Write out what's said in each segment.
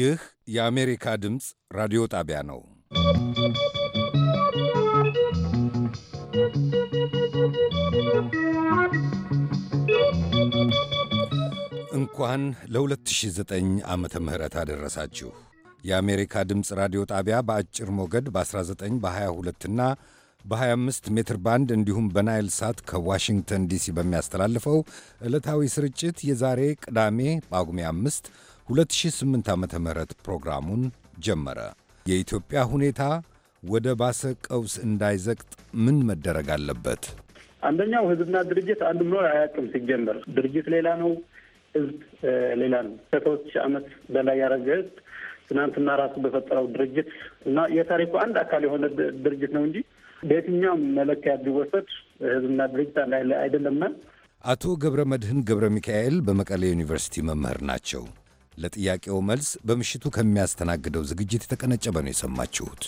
ይህ የአሜሪካ ድምፅ ራዲዮ ጣቢያ ነው። እንኳን ለ2009 ዓመተ ምህረት አደረሳችሁ። የአሜሪካ ድምፅ ራዲዮ ጣቢያ በአጭር ሞገድ በ19 በ22ና በ25 ሜትር ባንድ እንዲሁም በናይል ሳት ከዋሽንግተን ዲሲ በሚያስተላልፈው ዕለታዊ ስርጭት የዛሬ ቅዳሜ ጳጉሜ 5 2008 ዓ.ም ፕሮግራሙን ጀመረ። የኢትዮጵያ ሁኔታ ወደ ባሰ ቀውስ እንዳይዘቅጥ ምን መደረግ አለበት? አንደኛው ህዝብና ድርጅት አንድ ምኖር አያውቅም። ሲጀመር ድርጅት ሌላ ነው፣ ህዝብ ሌላ ነው። ከሰዎች ዓመት በላይ ያረገ ህዝብ ትናንትና ራሱ በፈጠረው ድርጅት እና የታሪኩ አንድ አካል የሆነ ድርጅት ነው እንጂ በየትኛውም መለኪያ ቢወሰድ ህዝብና ድርጅት አንድ አይደለምና። አቶ ገብረ መድህን ገብረ ሚካኤል በመቀሌ ዩኒቨርሲቲ መምህር ናቸው። ለጥያቄው መልስ በምሽቱ ከሚያስተናግደው ዝግጅት የተቀነጨበ ነው የሰማችሁት።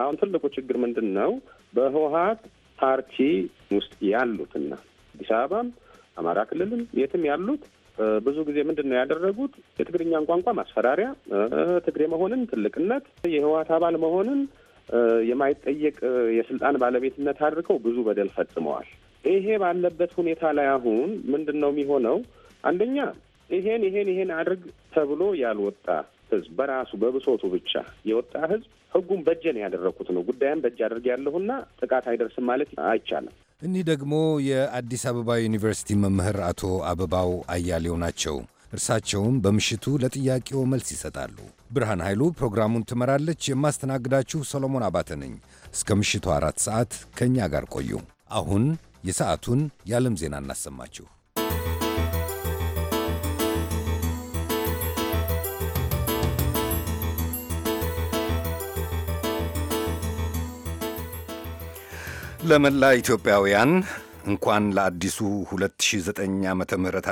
አሁን ትልቁ ችግር ምንድን ነው? በህወሀት ፓርቲ ውስጥ ያሉትና አዲስ አበባም አማራ ክልልም የትም ያሉት ብዙ ጊዜ ምንድን ነው ያደረጉት? የትግርኛን ቋንቋ ማስፈራሪያ፣ ትግሬ መሆንን ትልቅነት፣ የህወሀት አባል መሆንን የማይጠየቅ የስልጣን ባለቤትነት አድርገው ብዙ በደል ፈጽመዋል። ይሄ ባለበት ሁኔታ ላይ አሁን ምንድን ነው የሚሆነው? አንደኛ ይሄን ይሄን ይሄን አድርግ ተብሎ ያልወጣ ህዝብ በራሱ በብሶቱ ብቻ የወጣ ህዝብ ህጉን በጀ ነው ያደረግኩት ነው ጉዳያን በእጅ አድርግ ያለሁና ጥቃት አይደርስም ማለት አይቻልም። እኒህ ደግሞ የአዲስ አበባ ዩኒቨርሲቲ መምህር አቶ አበባው አያሌው ናቸው። እርሳቸውም በምሽቱ ለጥያቄው መልስ ይሰጣሉ። ብርሃን ኃይሉ ፕሮግራሙን ትመራለች። የማስተናግዳችሁ ሰሎሞን አባተ ነኝ። እስከ ምሽቱ አራት ሰዓት ከእኛ ጋር ቆዩ። አሁን የሰዓቱን የዓለም ዜና እናሰማችሁ። ለመላ ኢትዮጵያውያን እንኳን ለአዲሱ 2009 ዓ ም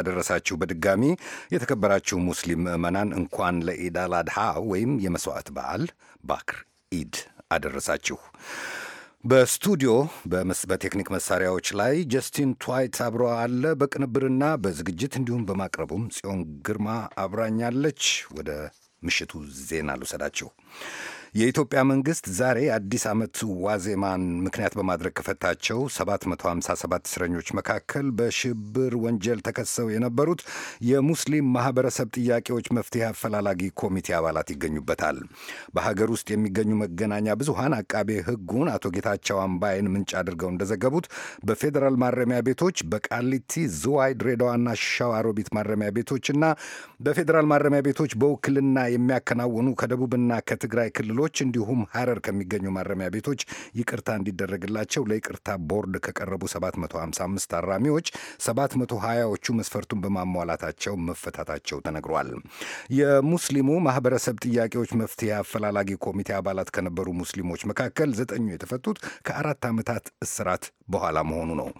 አደረሳችሁ። በድጋሚ የተከበራችሁ ሙስሊም ምዕመናን እንኳን ለኢድ ወይም የመሥዋዕት በዓል ባክር ኢድ አደረሳችሁ። በስቱዲዮ በቴክኒክ መሳሪያዎች ላይ ጀስቲን ትዋይት አብሮ አለ። በቅንብርና በዝግጅት እንዲሁም በማቅረቡም ጽዮን ግርማ አብራኛለች። ወደ ምሽቱ ዜና ልውሰዳችሁ። የኢትዮጵያ መንግስት ዛሬ አዲስ ዓመት ዋዜማን ምክንያት በማድረግ ከፈታቸው 757 እስረኞች መካከል በሽብር ወንጀል ተከሰው የነበሩት የሙስሊም ማህበረሰብ ጥያቄዎች መፍትሄ አፈላላጊ ኮሚቴ አባላት ይገኙበታል። በሀገር ውስጥ የሚገኙ መገናኛ ብዙሃን አቃቤ ህጉን አቶ ጌታቸው አምባይን ምንጭ አድርገው እንደዘገቡት በፌዴራል ማረሚያ ቤቶች በቃሊቲ፣ ዝዋይ፣ ድሬዳዋና ሸዋሮቢት ማረሚያ ቤቶችና በፌዴራል ማረሚያ ቤቶች በውክልና የሚያከናውኑ ከደቡብና ከትግራይ ክልሎች ክልሎች እንዲሁም ሀረር ከሚገኙ ማረሚያ ቤቶች ይቅርታ እንዲደረግላቸው ለይቅርታ ቦርድ ከቀረቡ 755 ታራሚዎች 720ዎቹ መስፈርቱን በማሟላታቸው መፈታታቸው ተነግሯል። የሙስሊሙ ማህበረሰብ ጥያቄዎች መፍትሄ አፈላላጊ ኮሚቴ አባላት ከነበሩ ሙስሊሞች መካከል ዘጠኙ የተፈቱት ከአራት ዓመታት እስራት በኋላ መሆኑ ነው።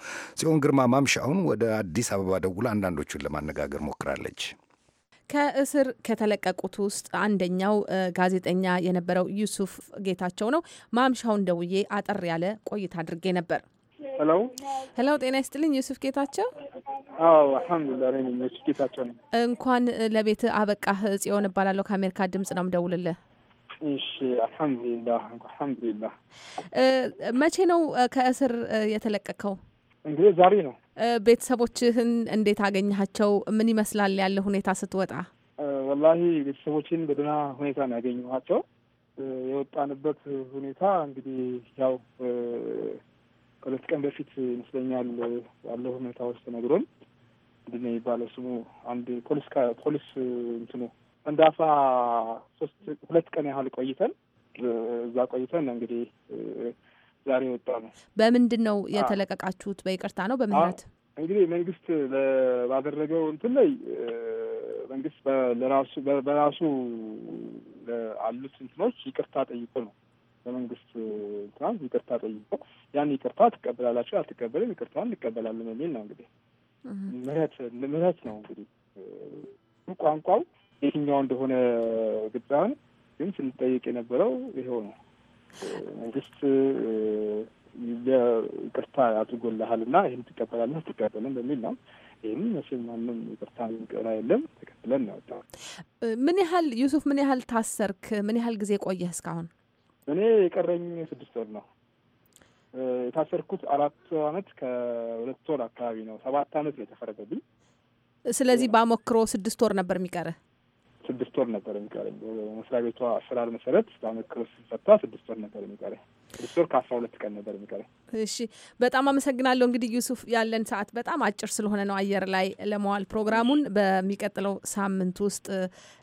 ጽዮን ግርማ ማምሻውን ወደ አዲስ አበባ ደውላ አንዳንዶቹን ለማነጋገር ሞክራለች። ከእስር ከተለቀቁት ውስጥ አንደኛው ጋዜጠኛ የነበረው ዩሱፍ ጌታቸው ነው። ማምሻውን ደውዬ አጠር ያለ ቆይታ አድርጌ ነበር። ሄሎ ሄሎ፣ ጤና ይስጥልኝ ዩሱፍ ጌታቸው። አዎ አልሐምዱሊላህ፣ እኔ ዩሱፍ ጌታቸው ነኝ። እንኳን ለቤት አበቃህ። ጽዮን እባላለሁ ከአሜሪካ ድምጽ ነው የምደውልልህ። እሺ አልሐምዱሊላህ፣ አልሐምዱሊላህ። መቼ ነው ከእስር የተለቀቀው? እንግዲህ ዛሬ ነው ቤተሰቦችህን እንዴት አገኘሃቸው? ምን ይመስላል ያለ ሁኔታ ስትወጣ? ወላሂ ቤተሰቦችን በደህና ሁኔታ ነው ያገኘኋቸው። የወጣንበት ሁኔታ እንግዲህ ያው ከሁለት ቀን በፊት ይመስለኛል ያለው ሁኔታ ተነግሮን ምንድን ነው የሚባለው ስሙ አንድ ፖሊስ ፖሊስ እንትኑ እንዳፋ ሶስት ሁለት ቀን ያህል ቆይተን እዛ ቆይተን እንግዲህ ዛሬ ወጣ ነው። በምንድን ነው የተለቀቃችሁት? በይቅርታ ነው በምንት እንግዲህ መንግስት ባደረገው እንትን ላይ መንግስት በራሱ አሉት እንትኖች ይቅርታ ጠይቆ ነው በመንግስት እንትናት ይቅርታ ጠይቆ ያን ይቅርታ ትቀበላላችሁ፣ አልተቀበልም፣ ይቅርታን እንቀበላለን የሚል ነው። እንግዲህ ምህረት ምህረት ነው እንግዲህ ቋንቋው የትኛው እንደሆነ ግብፃን ግን ስንጠይቅ የነበረው ይኸው ነው። መንግስት ይቅርታ አድርጎልሃል እና ይህን ትቀበላለህ አትቀበልም በሚል ነው። ይህም መቼም ማንም ይቅርታ የሚቀራ የለም። ተቀብለን ያወጣ። ምን ያህል ዩሱፍ፣ ምን ያህል ታሰርክ? ምን ያህል ጊዜ ቆየህ እስካሁን? እኔ የቀረኝ ስድስት ወር ነው። የታሰርኩት አራት አመት ከሁለት ወር አካባቢ ነው። ሰባት አመት ነው የተፈረደብኝ። ስለዚህ በአሞክሮ ስድስት ወር ነበር የሚቀርህ ስድስት ወር ነበር የሚቀረኝ። በመስሪያ ቤቷ አሰራር መሰረት በአመክሮ ሲፈታ ስድስት ወር ነበር የሚቀረኝ። ስር ከአስራ ሁለት ቀን ነበር የሚቀረው። እሺ በጣም አመሰግናለሁ። እንግዲህ ዩሱፍ ያለን ሰዓት በጣም አጭር ስለሆነ ነው አየር ላይ ለመዋል ፕሮግራሙን በሚቀጥለው ሳምንት ውስጥ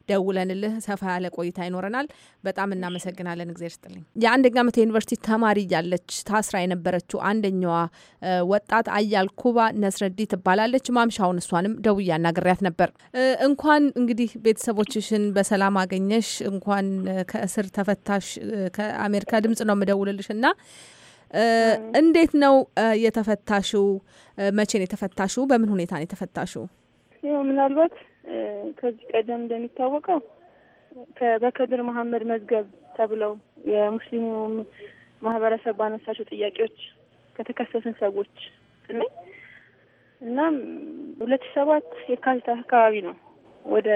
ደውለንልህ ሰፋ ያለ ቆይታ ይኖረናል። በጣም እናመሰግናለን። እግዜር ስጥልኝ። የአንደኛ ዓመት ዩኒቨርሲቲ ተማሪ እያለች ታስራ የነበረችው አንደኛዋ ወጣት አያል ኩባ ነስረዲ ትባላለች። ማምሻውን እሷንም ደውዬ አናግሬያት ነበር። እንኳን እንግዲህ ቤተሰቦችሽን በሰላም አገኘሽ፣ እንኳን ከእስር ተፈታሽ። ከአሜሪካ ድምጽ ነው የምደውልልሽ ልበልሽ እና እንዴት ነው የተፈታሽው? መቼ ነው የተፈታሽው? በምን ሁኔታ ነው የተፈታሽው? ያው ምናልባት ከዚህ ቀደም እንደሚታወቀው በከድር መሀመድ መዝገብ ተብለው የሙስሊሙ ማህበረሰብ ባነሳቸው ጥያቄዎች ከተከሰስን ሰዎች ነኝ። እናም ሁለት ሰባት የካቲት አካባቢ ነው ወደ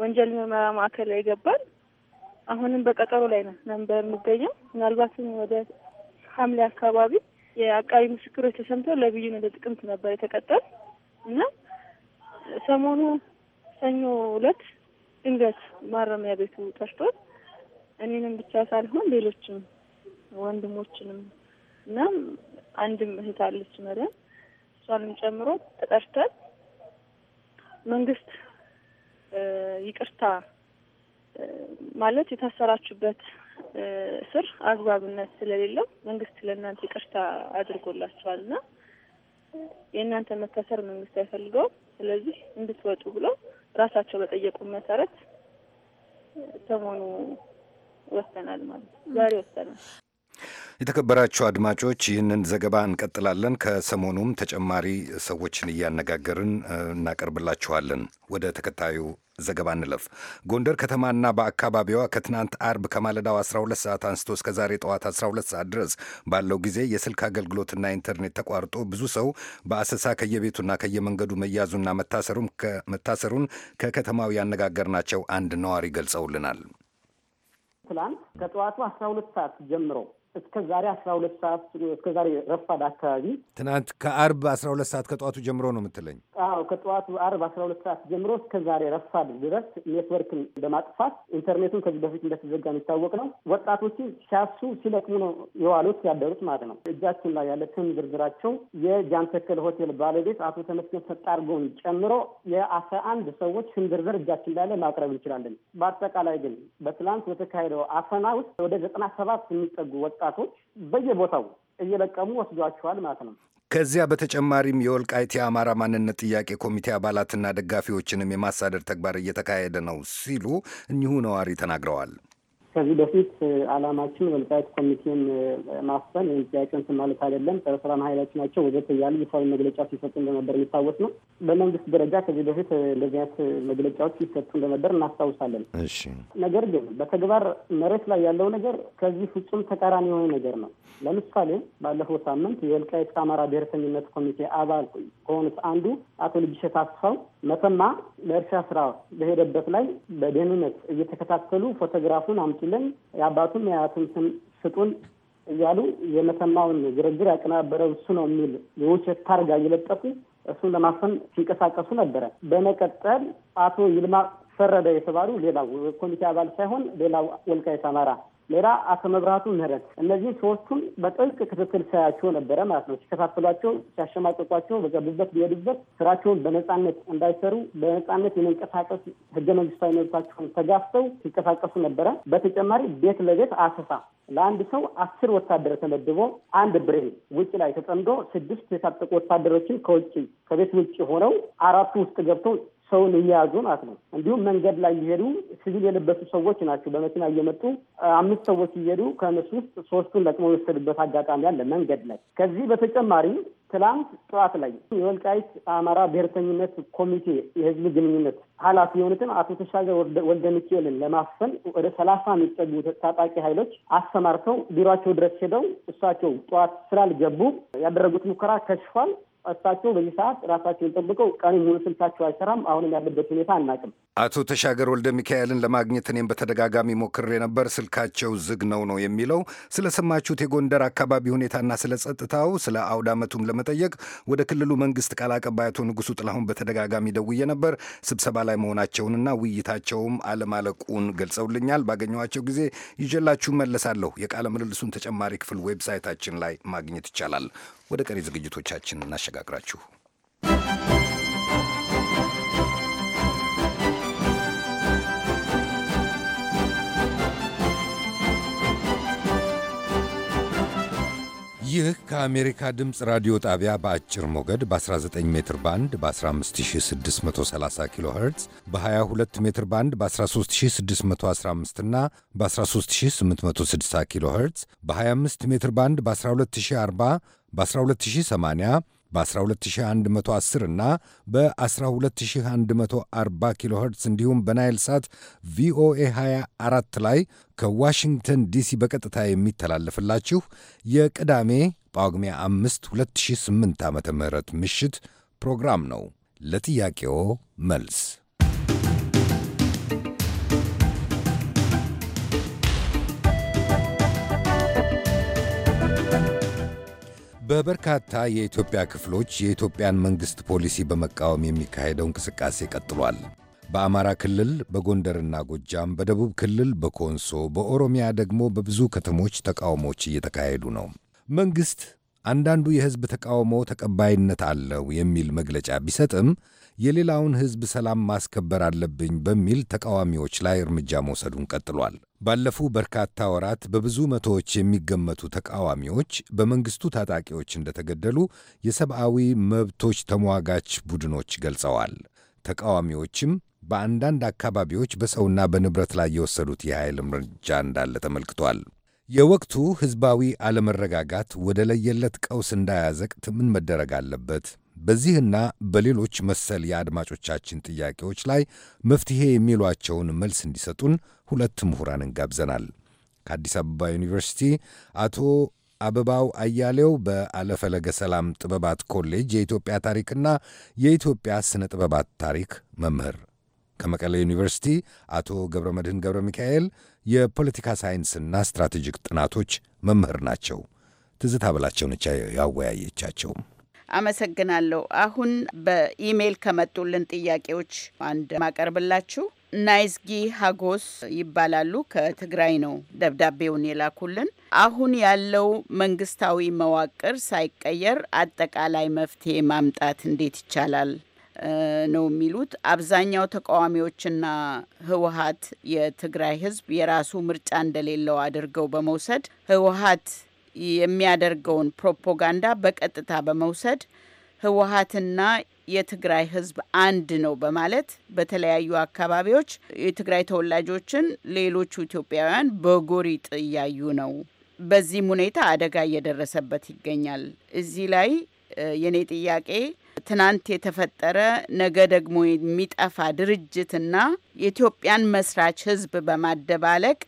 ወንጀል ምርመራ ማዕከል ይገባል። አሁንም በቀጠሮ ላይ ነን የሚገኘው ምናልባትም ወደ ሐምሌ አካባቢ የአቃቢ ምስክሮች ተሰምተው ለብይን ወደ ጥቅምት ነበር የተቀጠል እና ሰሞኑ ሰኞ ዕለት ድንገት ማረሚያ ቤቱ ጠርቶን እኔንም ብቻ ሳልሆን ሌሎችም ወንድሞችንም እና አንድም እህት አለች መሪያም እሷንም ጨምሮ ተጠርተን መንግስት ይቅርታ ማለት የታሰራችሁበት እስር አግባብነት ስለሌለው መንግስት ለእናንተ ይቅርታ አድርጎላችኋል እና የእናንተ መታሰር መንግስት አይፈልገውም። ስለዚህ እንድትወጡ ብለው ራሳቸው በጠየቁ መሰረት ሰሞኑ ወሰናል ማለት ዛሬ ወሰናል። የተከበራችሁ አድማጮች ይህንን ዘገባ እንቀጥላለን። ከሰሞኑም ተጨማሪ ሰዎችን እያነጋገርን እናቀርብላችኋለን። ወደ ተከታዩ ዘገባ እንለፍ። ጎንደር ከተማና በአካባቢዋ ከትናንት አርብ ከማለዳው 12 ሰዓት አንስቶ እስከ ዛሬ ጠዋት 12 ሰዓት ድረስ ባለው ጊዜ የስልክ አገልግሎትና ኢንተርኔት ተቋርጦ ብዙ ሰው በአሰሳ ከየቤቱና ከየመንገዱ መያዙና መታሰሩን ከከተማው ያነጋገርናቸው አንድ ነዋሪ ገልጸውልናል። ትላንት ከጠዋቱ 12 ሰዓት ጀምሮ እስከ ዛሬ አስራ ሁለት ሰዓት እስከ ዛሬ ረፋድ አካባቢ ትናንት ከአርብ አስራ ሁለት ሰዓት ከጠዋቱ ጀምሮ ነው የምትለኝ? አዎ ከጠዋቱ አርብ አስራ ሁለት ሰዓት ጀምሮ እስከ ዛሬ ረፋድ ድረስ ኔትወርክን በማጥፋት ኢንተርኔቱን ከዚህ በፊት እንደተዘጋ የሚታወቅ ነው። ወጣቶቹ ሲያሱ ሲለቅሙ ነው የዋሉት ያደሩት ማለት ነው። እጃችን ላይ ያለ ስም ዝርዝራቸው የጃንተከል ሆቴል ባለቤት አቶ ተመስገን ፈጣርጎን ጨምሮ የአስራ አንድ ሰዎች ስም ዝርዝር እጃችን ላይ ማቅረብ እንችላለን። በአጠቃላይ ግን በትላንት በተካሄደው አፈና ውስጥ ወደ ዘጠና ሰባት የሚጠጉ ወጣ ወጣቶች በየቦታው እየለቀሙ ወስዷቸዋል ማለት ነው። ከዚያ በተጨማሪም የወልቃይት የአማራ ማንነት ጥያቄ ኮሚቴ አባላትና ደጋፊዎችንም የማሳደድ ተግባር እየተካሄደ ነው ሲሉ እኚሁ ነዋሪ ተናግረዋል። ከዚህ በፊት አላማችን በምጽአት ኮሚቴን ማስፈን ወይም ጥያቄን ማለት አይደለም። ጸረ ሰላም ኃይሎች ናቸው ወዘተ እያሉ ይፋዊ መግለጫ ሲሰጡ እንደነበር የሚታወስ ነው። በመንግስት ደረጃ ከዚህ በፊት እንደዚህ አይነት መግለጫዎች ሲሰጡ እንደነበር እናስታውሳለን። ነገር ግን በተግባር መሬት ላይ ያለው ነገር ከዚህ ፍጹም ተቃራኒ የሆነ ነገር ነው። ለምሳሌ ባለፈው ሳምንት የወልቃይት አማራ ብሔርተኝነት ኮሚቴ አባል ከሆኑት አንዱ አቶ ልጅሸት አስፋው መተማ ለእርሻ ስራ በሄደበት ላይ በደህንነት እየተከታተሉ ፎቶግራፉን አምጡ ሲልም የአባቱም የአያቱም ስም ስጡን እያሉ የመተማውን ግርግር ያቀናበረ እሱ ነው የሚል የውሸት ታርጋ እየለጠፉ እሱን ለማፈን ሲንቀሳቀሱ ነበረ። በመቀጠል አቶ ይልማ ፈረደ የተባሉ ሌላው ኮሚቴ አባል ሳይሆን ሌላው ወልቃይት አማራ ሌላ አቶ መብራቱ ምህረት እነዚህ ሶስቱም በጥልቅ ክትትል ሳያቸው ነበረ ማለት ነው። ሲከፋፍሏቸው፣ ሲያሸማቀቋቸው፣ በገቡበት ቢሄዱበት ስራቸውን በነፃነት እንዳይሰሩ በነፃነት የመንቀሳቀስ ህገ መንግስታዊ መብታቸውን ተጋፍተው ሲንቀሳቀሱ ነበረ። በተጨማሪ ቤት ለቤት አሰሳ ለአንድ ሰው አስር ወታደር ተመድቦ አንድ ብሬን ውጭ ላይ ተጠምዶ ስድስት የታጠቁ ወታደሮችን ከውጭ ከቤት ውጭ ሆነው አራቱ ውስጥ ገብተው ሰውን እየያዙ ማለት ነው። እንዲሁም መንገድ ላይ እየሄዱ ሲቪል የለበሱ ሰዎች ናቸው በመኪና እየመጡ አምስት ሰዎች እየሄዱ ከእነሱ ውስጥ ሶስቱን ለቅመው የወሰዱበት አጋጣሚ አለ መንገድ ላይ። ከዚህ በተጨማሪ ትላንት ጠዋት ላይ የወልቃይት አማራ ብሔርተኝነት ኮሚቴ የህዝብ ግንኙነት ኃላፊ የሆኑትን አቶ ተሻገር ወልደ ሚካኤልን ለማፈን ወደ ሰላሳ የሚጠጉ ታጣቂ ኃይሎች አሰማርተው ቢሯቸው ድረስ ሄደው እሳቸው ጠዋት ስላልገቡ ያደረጉት ሙከራ ከሽፏል። እሳቸው በዚህ ሰዓት ራሳቸውን ጠብቀው ቀን ሙሉ ስልካቸው አይሰራም። አሁንም ያለበት ሁኔታ አናውቅም። አቶ ተሻገር ወልደ ሚካኤልን ለማግኘት እኔም በተደጋጋሚ ሞክሬ ነበር። ስልካቸው ዝግ ነው ነው የሚለው። ስለሰማችሁት የጎንደር አካባቢ ሁኔታና ስለ ጸጥታው ስለ አውድ ዓመቱም ለመጠየቅ ወደ ክልሉ መንግስት ቃል አቀባይ አቶ ንጉሱ ጥላሁን በተደጋጋሚ ደውዬ ነበር። ስብሰባ ላይ መሆናቸውንና ውይይታቸውም አለማለቁን ገልጸውልኛል። ባገኘኋቸው ጊዜ ይዤላችሁ መለሳለሁ። የቃለ ምልልሱን ተጨማሪ ክፍል ዌብሳይታችን ላይ ማግኘት ይቻላል። ወደ ቀሪ ዝግጅቶቻችን እናሸጋግራችሁ። ይህ ከአሜሪካ ድምፅ ራዲዮ ጣቢያ በአጭር ሞገድ በ19 ሜትር ባንድ በ15630 ኪሎ ኸርትዝ በ22 ሜትር ባንድ በ13615 እና በ13860 ኪሎ ኸርትዝ በ25 ሜትር ባንድ በ12040 በ12080 በ12110 እና በ12140 ኪሎ ኸርትዝ እንዲሁም በናይል ሳት ቪኦኤ 24 ላይ ከዋሽንግተን ዲሲ በቀጥታ የሚተላለፍላችሁ የቅዳሜ ጳጉሜ 5 2008 ዓ ም ምሽት ፕሮግራም ነው። ለጥያቄዎ መልስ በበርካታ የኢትዮጵያ ክፍሎች የኢትዮጵያን መንግሥት ፖሊሲ በመቃወም የሚካሄደው እንቅስቃሴ ቀጥሏል። በአማራ ክልል በጎንደርና ጎጃም፣ በደቡብ ክልል በኮንሶ፣ በኦሮሚያ ደግሞ በብዙ ከተሞች ተቃውሞዎች እየተካሄዱ ነው። መንግሥት አንዳንዱ የሕዝብ ተቃውሞ ተቀባይነት አለው የሚል መግለጫ ቢሰጥም የሌላውን ሕዝብ ሰላም ማስከበር አለብኝ በሚል ተቃዋሚዎች ላይ እርምጃ መውሰዱን ቀጥሏል። ባለፉ በርካታ ወራት በብዙ መቶዎች የሚገመቱ ተቃዋሚዎች በመንግሥቱ ታጣቂዎች እንደተገደሉ የሰብአዊ መብቶች ተሟጋች ቡድኖች ገልጸዋል። ተቃዋሚዎችም በአንዳንድ አካባቢዎች በሰውና በንብረት ላይ የወሰዱት የኃይል እርምጃ እንዳለ ተመልክቷል። የወቅቱ ሕዝባዊ አለመረጋጋት ወደ ለየለት ቀውስ እንዳያዘቅት ምን መደረግ አለበት? በዚህና በሌሎች መሰል የአድማጮቻችን ጥያቄዎች ላይ መፍትሄ የሚሏቸውን መልስ እንዲሰጡን ሁለት ምሁራንን ጋብዘናል። ከአዲስ አበባ ዩኒቨርሲቲ አቶ አበባው አያሌው በአለፈለገ ሰላም ጥበባት ኮሌጅ የኢትዮጵያ ታሪክና የኢትዮጵያ ስነ ጥበባት ታሪክ መምህር ከመቀለ ዩኒቨርሲቲ አቶ ገብረ መድህን ገብረ ሚካኤል የፖለቲካ ሳይንስና ስትራቴጂክ ጥናቶች መምህር ናቸው። ትዝታ ብላቸው ነች ያወያየቻቸውም። አመሰግናለሁ። አሁን በኢሜይል ከመጡልን ጥያቄዎች አንድ ማቀርብላችሁ ናይዝጊ ሀጎስ ይባላሉ። ከትግራይ ነው ደብዳቤውን የላኩልን። አሁን ያለው መንግስታዊ መዋቅር ሳይቀየር አጠቃላይ መፍትሄ ማምጣት እንዴት ይቻላል ነው የሚሉት። አብዛኛው ተቃዋሚዎችና ህወሀት የትግራይ ህዝብ የራሱ ምርጫ እንደሌለው አድርገው በመውሰድ ህወሀት የሚያደርገውን ፕሮፓጋንዳ በቀጥታ በመውሰድ ህወሀትና የትግራይ ህዝብ አንድ ነው በማለት በተለያዩ አካባቢዎች የትግራይ ተወላጆችን ሌሎቹ ኢትዮጵያውያን በጎሪጥ እያዩ ነው። በዚህም ሁኔታ አደጋ እየደረሰበት ይገኛል። እዚህ ላይ የኔ ጥያቄ ትናንት የተፈጠረ ነገ ደግሞ የሚጠፋ ድርጅትና የኢትዮጵያን መስራች ህዝብ በማደባለቅ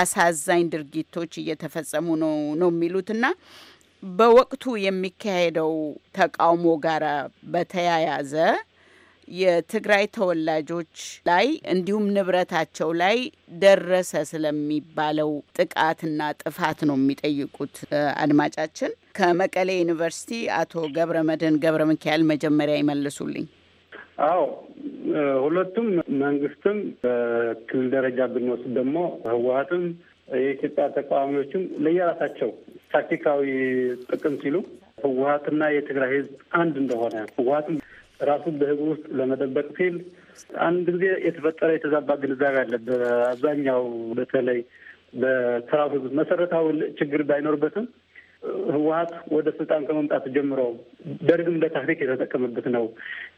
አሳዛኝ ድርጊቶች እየተፈጸሙ ነው ነው የሚሉትና በወቅቱ የሚካሄደው ተቃውሞ ጋር በተያያዘ የትግራይ ተወላጆች ላይ እንዲሁም ንብረታቸው ላይ ደረሰ ስለሚባለው ጥቃትና ጥፋት ነው የሚጠይቁት አድማጫችን። ከመቀሌ ዩኒቨርሲቲ አቶ ገብረ መድህን ገብረ ሚካኤል መጀመሪያ ይመልሱልኝ። አዎ ሁለቱም መንግስትም በክልል ደረጃ ብንወስድ ደግሞ ህወሀትም የኢትዮጵያ ተቃዋሚዎችም ለየራሳቸው ታክቲካዊ ጥቅም ሲሉ ህወሀትና የትግራይ ህዝብ አንድ እንደሆነ ህወሀትም ራሱን በህዝብ ውስጥ ለመጠበቅ ሲል አንድ ጊዜ የተፈጠረ የተዛባ ግንዛቤ አለ። በአብዛኛው በተለይ በተራው መሰረታዊ ችግር ባይኖርበትም ህወሀት ወደ ስልጣን ከመምጣት ጀምሮ ደርግም እንደ የተጠቀመበት ነው።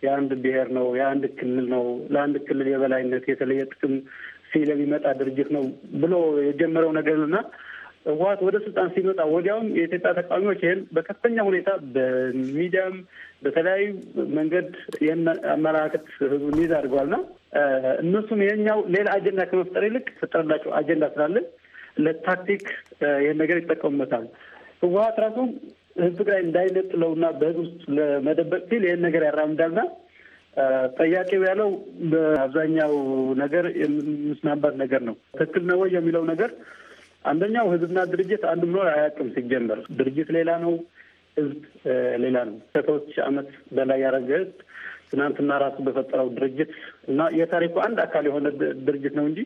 የአንድ ብሔር ነው፣ የአንድ ክልል ነው፣ ለአንድ ክልል የበላይነት የተለየ ጥቅም ሲል የሚመጣ ድርጅት ነው ብሎ የጀመረው ነገር እና ህወሀት ወደ ስልጣን ሲመጣ ወዲያውም የኢትዮጵያ ተቃዋሚዎች ይህን በከፍተኛ ሁኔታ በሚዲያም በተለያዩ መንገድ ይህን አመለካከት ህዝቡ ይዝ አድርገዋል እና እነሱም የኛው ሌላ አጀንዳ ከመፍጠር ይልቅ ፈጠረላቸው አጀንዳ ስላለ ለታክቲክ ይህን ነገር ይጠቀሙበታል። ህወሀት ራሱ ህዝብ ትግራይ እንዳይነጥለውና በህዝብ ውስጥ ለመደበቅ ሲል ይህን ነገር ያራምዳልና ጠያቄው ያለው በአብዛኛው ነገር የምስማማበት ነገር ነው። ትክክል ነው ወይ የሚለው ነገር አንደኛው ህዝብና ድርጅት አንዱ ምኖ አያውቅም። ሲጀመር ድርጅት ሌላ ነው፣ ህዝብ ሌላ ነው። ከሰዎች አመት በላይ ያረገ ህዝብ ትናንትና ራሱ በፈጠረው ድርጅት እና የታሪኩ አንድ አካል የሆነ ድርጅት ነው እንጂ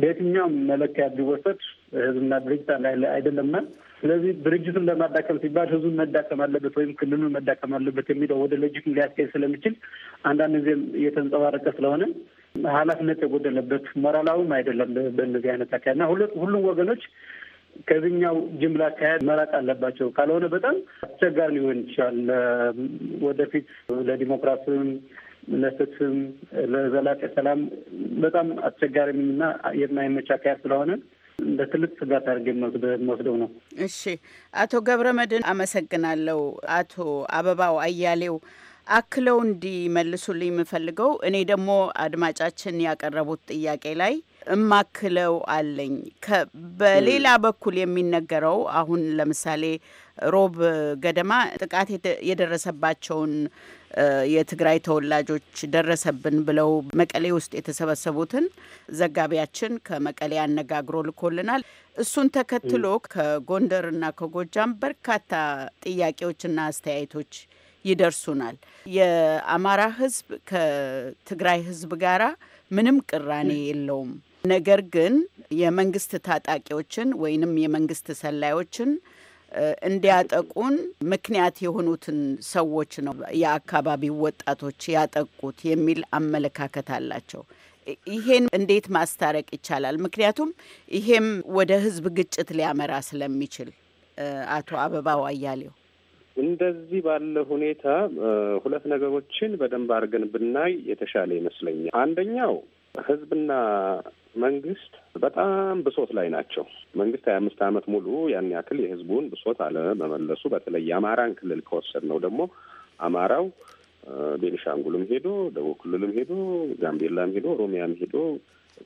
በየትኛውም መለኪያ ቢወሰድ ህዝብና ድርጅት አይደለምና ስለዚህ ድርጅቱን ለማዳከም ሲባል ህዝቡን መዳከም አለበት ወይም ክልሉን መዳከም አለበት የሚለው ወደ ሎጂክ ሊያስገኝ ስለሚችል አንዳንድ ጊዜም እየተንጸባረቀ ስለሆነ ኃላፊነት የጎደለበት ሞራላዊም አይደለም። በእነዚህ አይነት አካሄድ እና ሁሉም ወገኖች ከዚህኛው ጅምላ አካሄድ መራቅ አለባቸው። ካልሆነ በጣም አስቸጋሪ ሊሆን ይችላል ወደፊት ለዲሞክራሲም ለፍትህም ለዘላቂ ሰላም በጣም አስቸጋሪና የማይመች አካሄድ ስለሆነ እንደ ትልቅ ስጋት አድርጌ መወስደው ነው። እሺ፣ አቶ ገብረ መድን አመሰግናለሁ። አቶ አበባው አያሌው አክለው እንዲመልሱልኝ የምፈልገው እኔ ደግሞ አድማጫችን ያቀረቡት ጥያቄ ላይ እማክለው አለኝ። በሌላ በኩል የሚነገረው አሁን ለምሳሌ ሮብ ገደማ ጥቃት የደረሰባቸውን የትግራይ ተወላጆች ደረሰብን ብለው መቀሌ ውስጥ የተሰበሰቡትን ዘጋቢያችን ከመቀሌ አነጋግሮ ልኮልናል። እሱን ተከትሎ ከጎንደርና ከጎጃም በርካታ ጥያቄዎችና አስተያየቶች ይደርሱናል። የአማራ ሕዝብ ከትግራይ ሕዝብ ጋራ ምንም ቅራኔ የለውም። ነገር ግን የመንግስት ታጣቂዎችን ወይንም የመንግስት ሰላዮችን እንዲያጠቁን ምክንያት የሆኑትን ሰዎች ነው የአካባቢው ወጣቶች ያጠቁት የሚል አመለካከት አላቸው። ይሄን እንዴት ማስታረቅ ይቻላል? ምክንያቱም ይሄም ወደ ህዝብ ግጭት ሊያመራ ስለሚችል። አቶ አበባው አያሌው፣ እንደዚህ ባለ ሁኔታ ሁለት ነገሮችን በደንብ አድርገን ብናይ የተሻለ ይመስለኛል። አንደኛው ህዝብና መንግስት በጣም ብሶት ላይ ናቸው። መንግስት ሀያ አምስት ዓመት ሙሉ ያን ያክል የህዝቡን ብሶት አለመመለሱ በተለይ የአማራን ክልል ከወሰድ ነው ደግሞ አማራው ቤኒሻንጉልም ሄዶ ደቡብ ክልልም ሄዶ ጋምቤላም ሄዶ ኦሮሚያም ሄዶ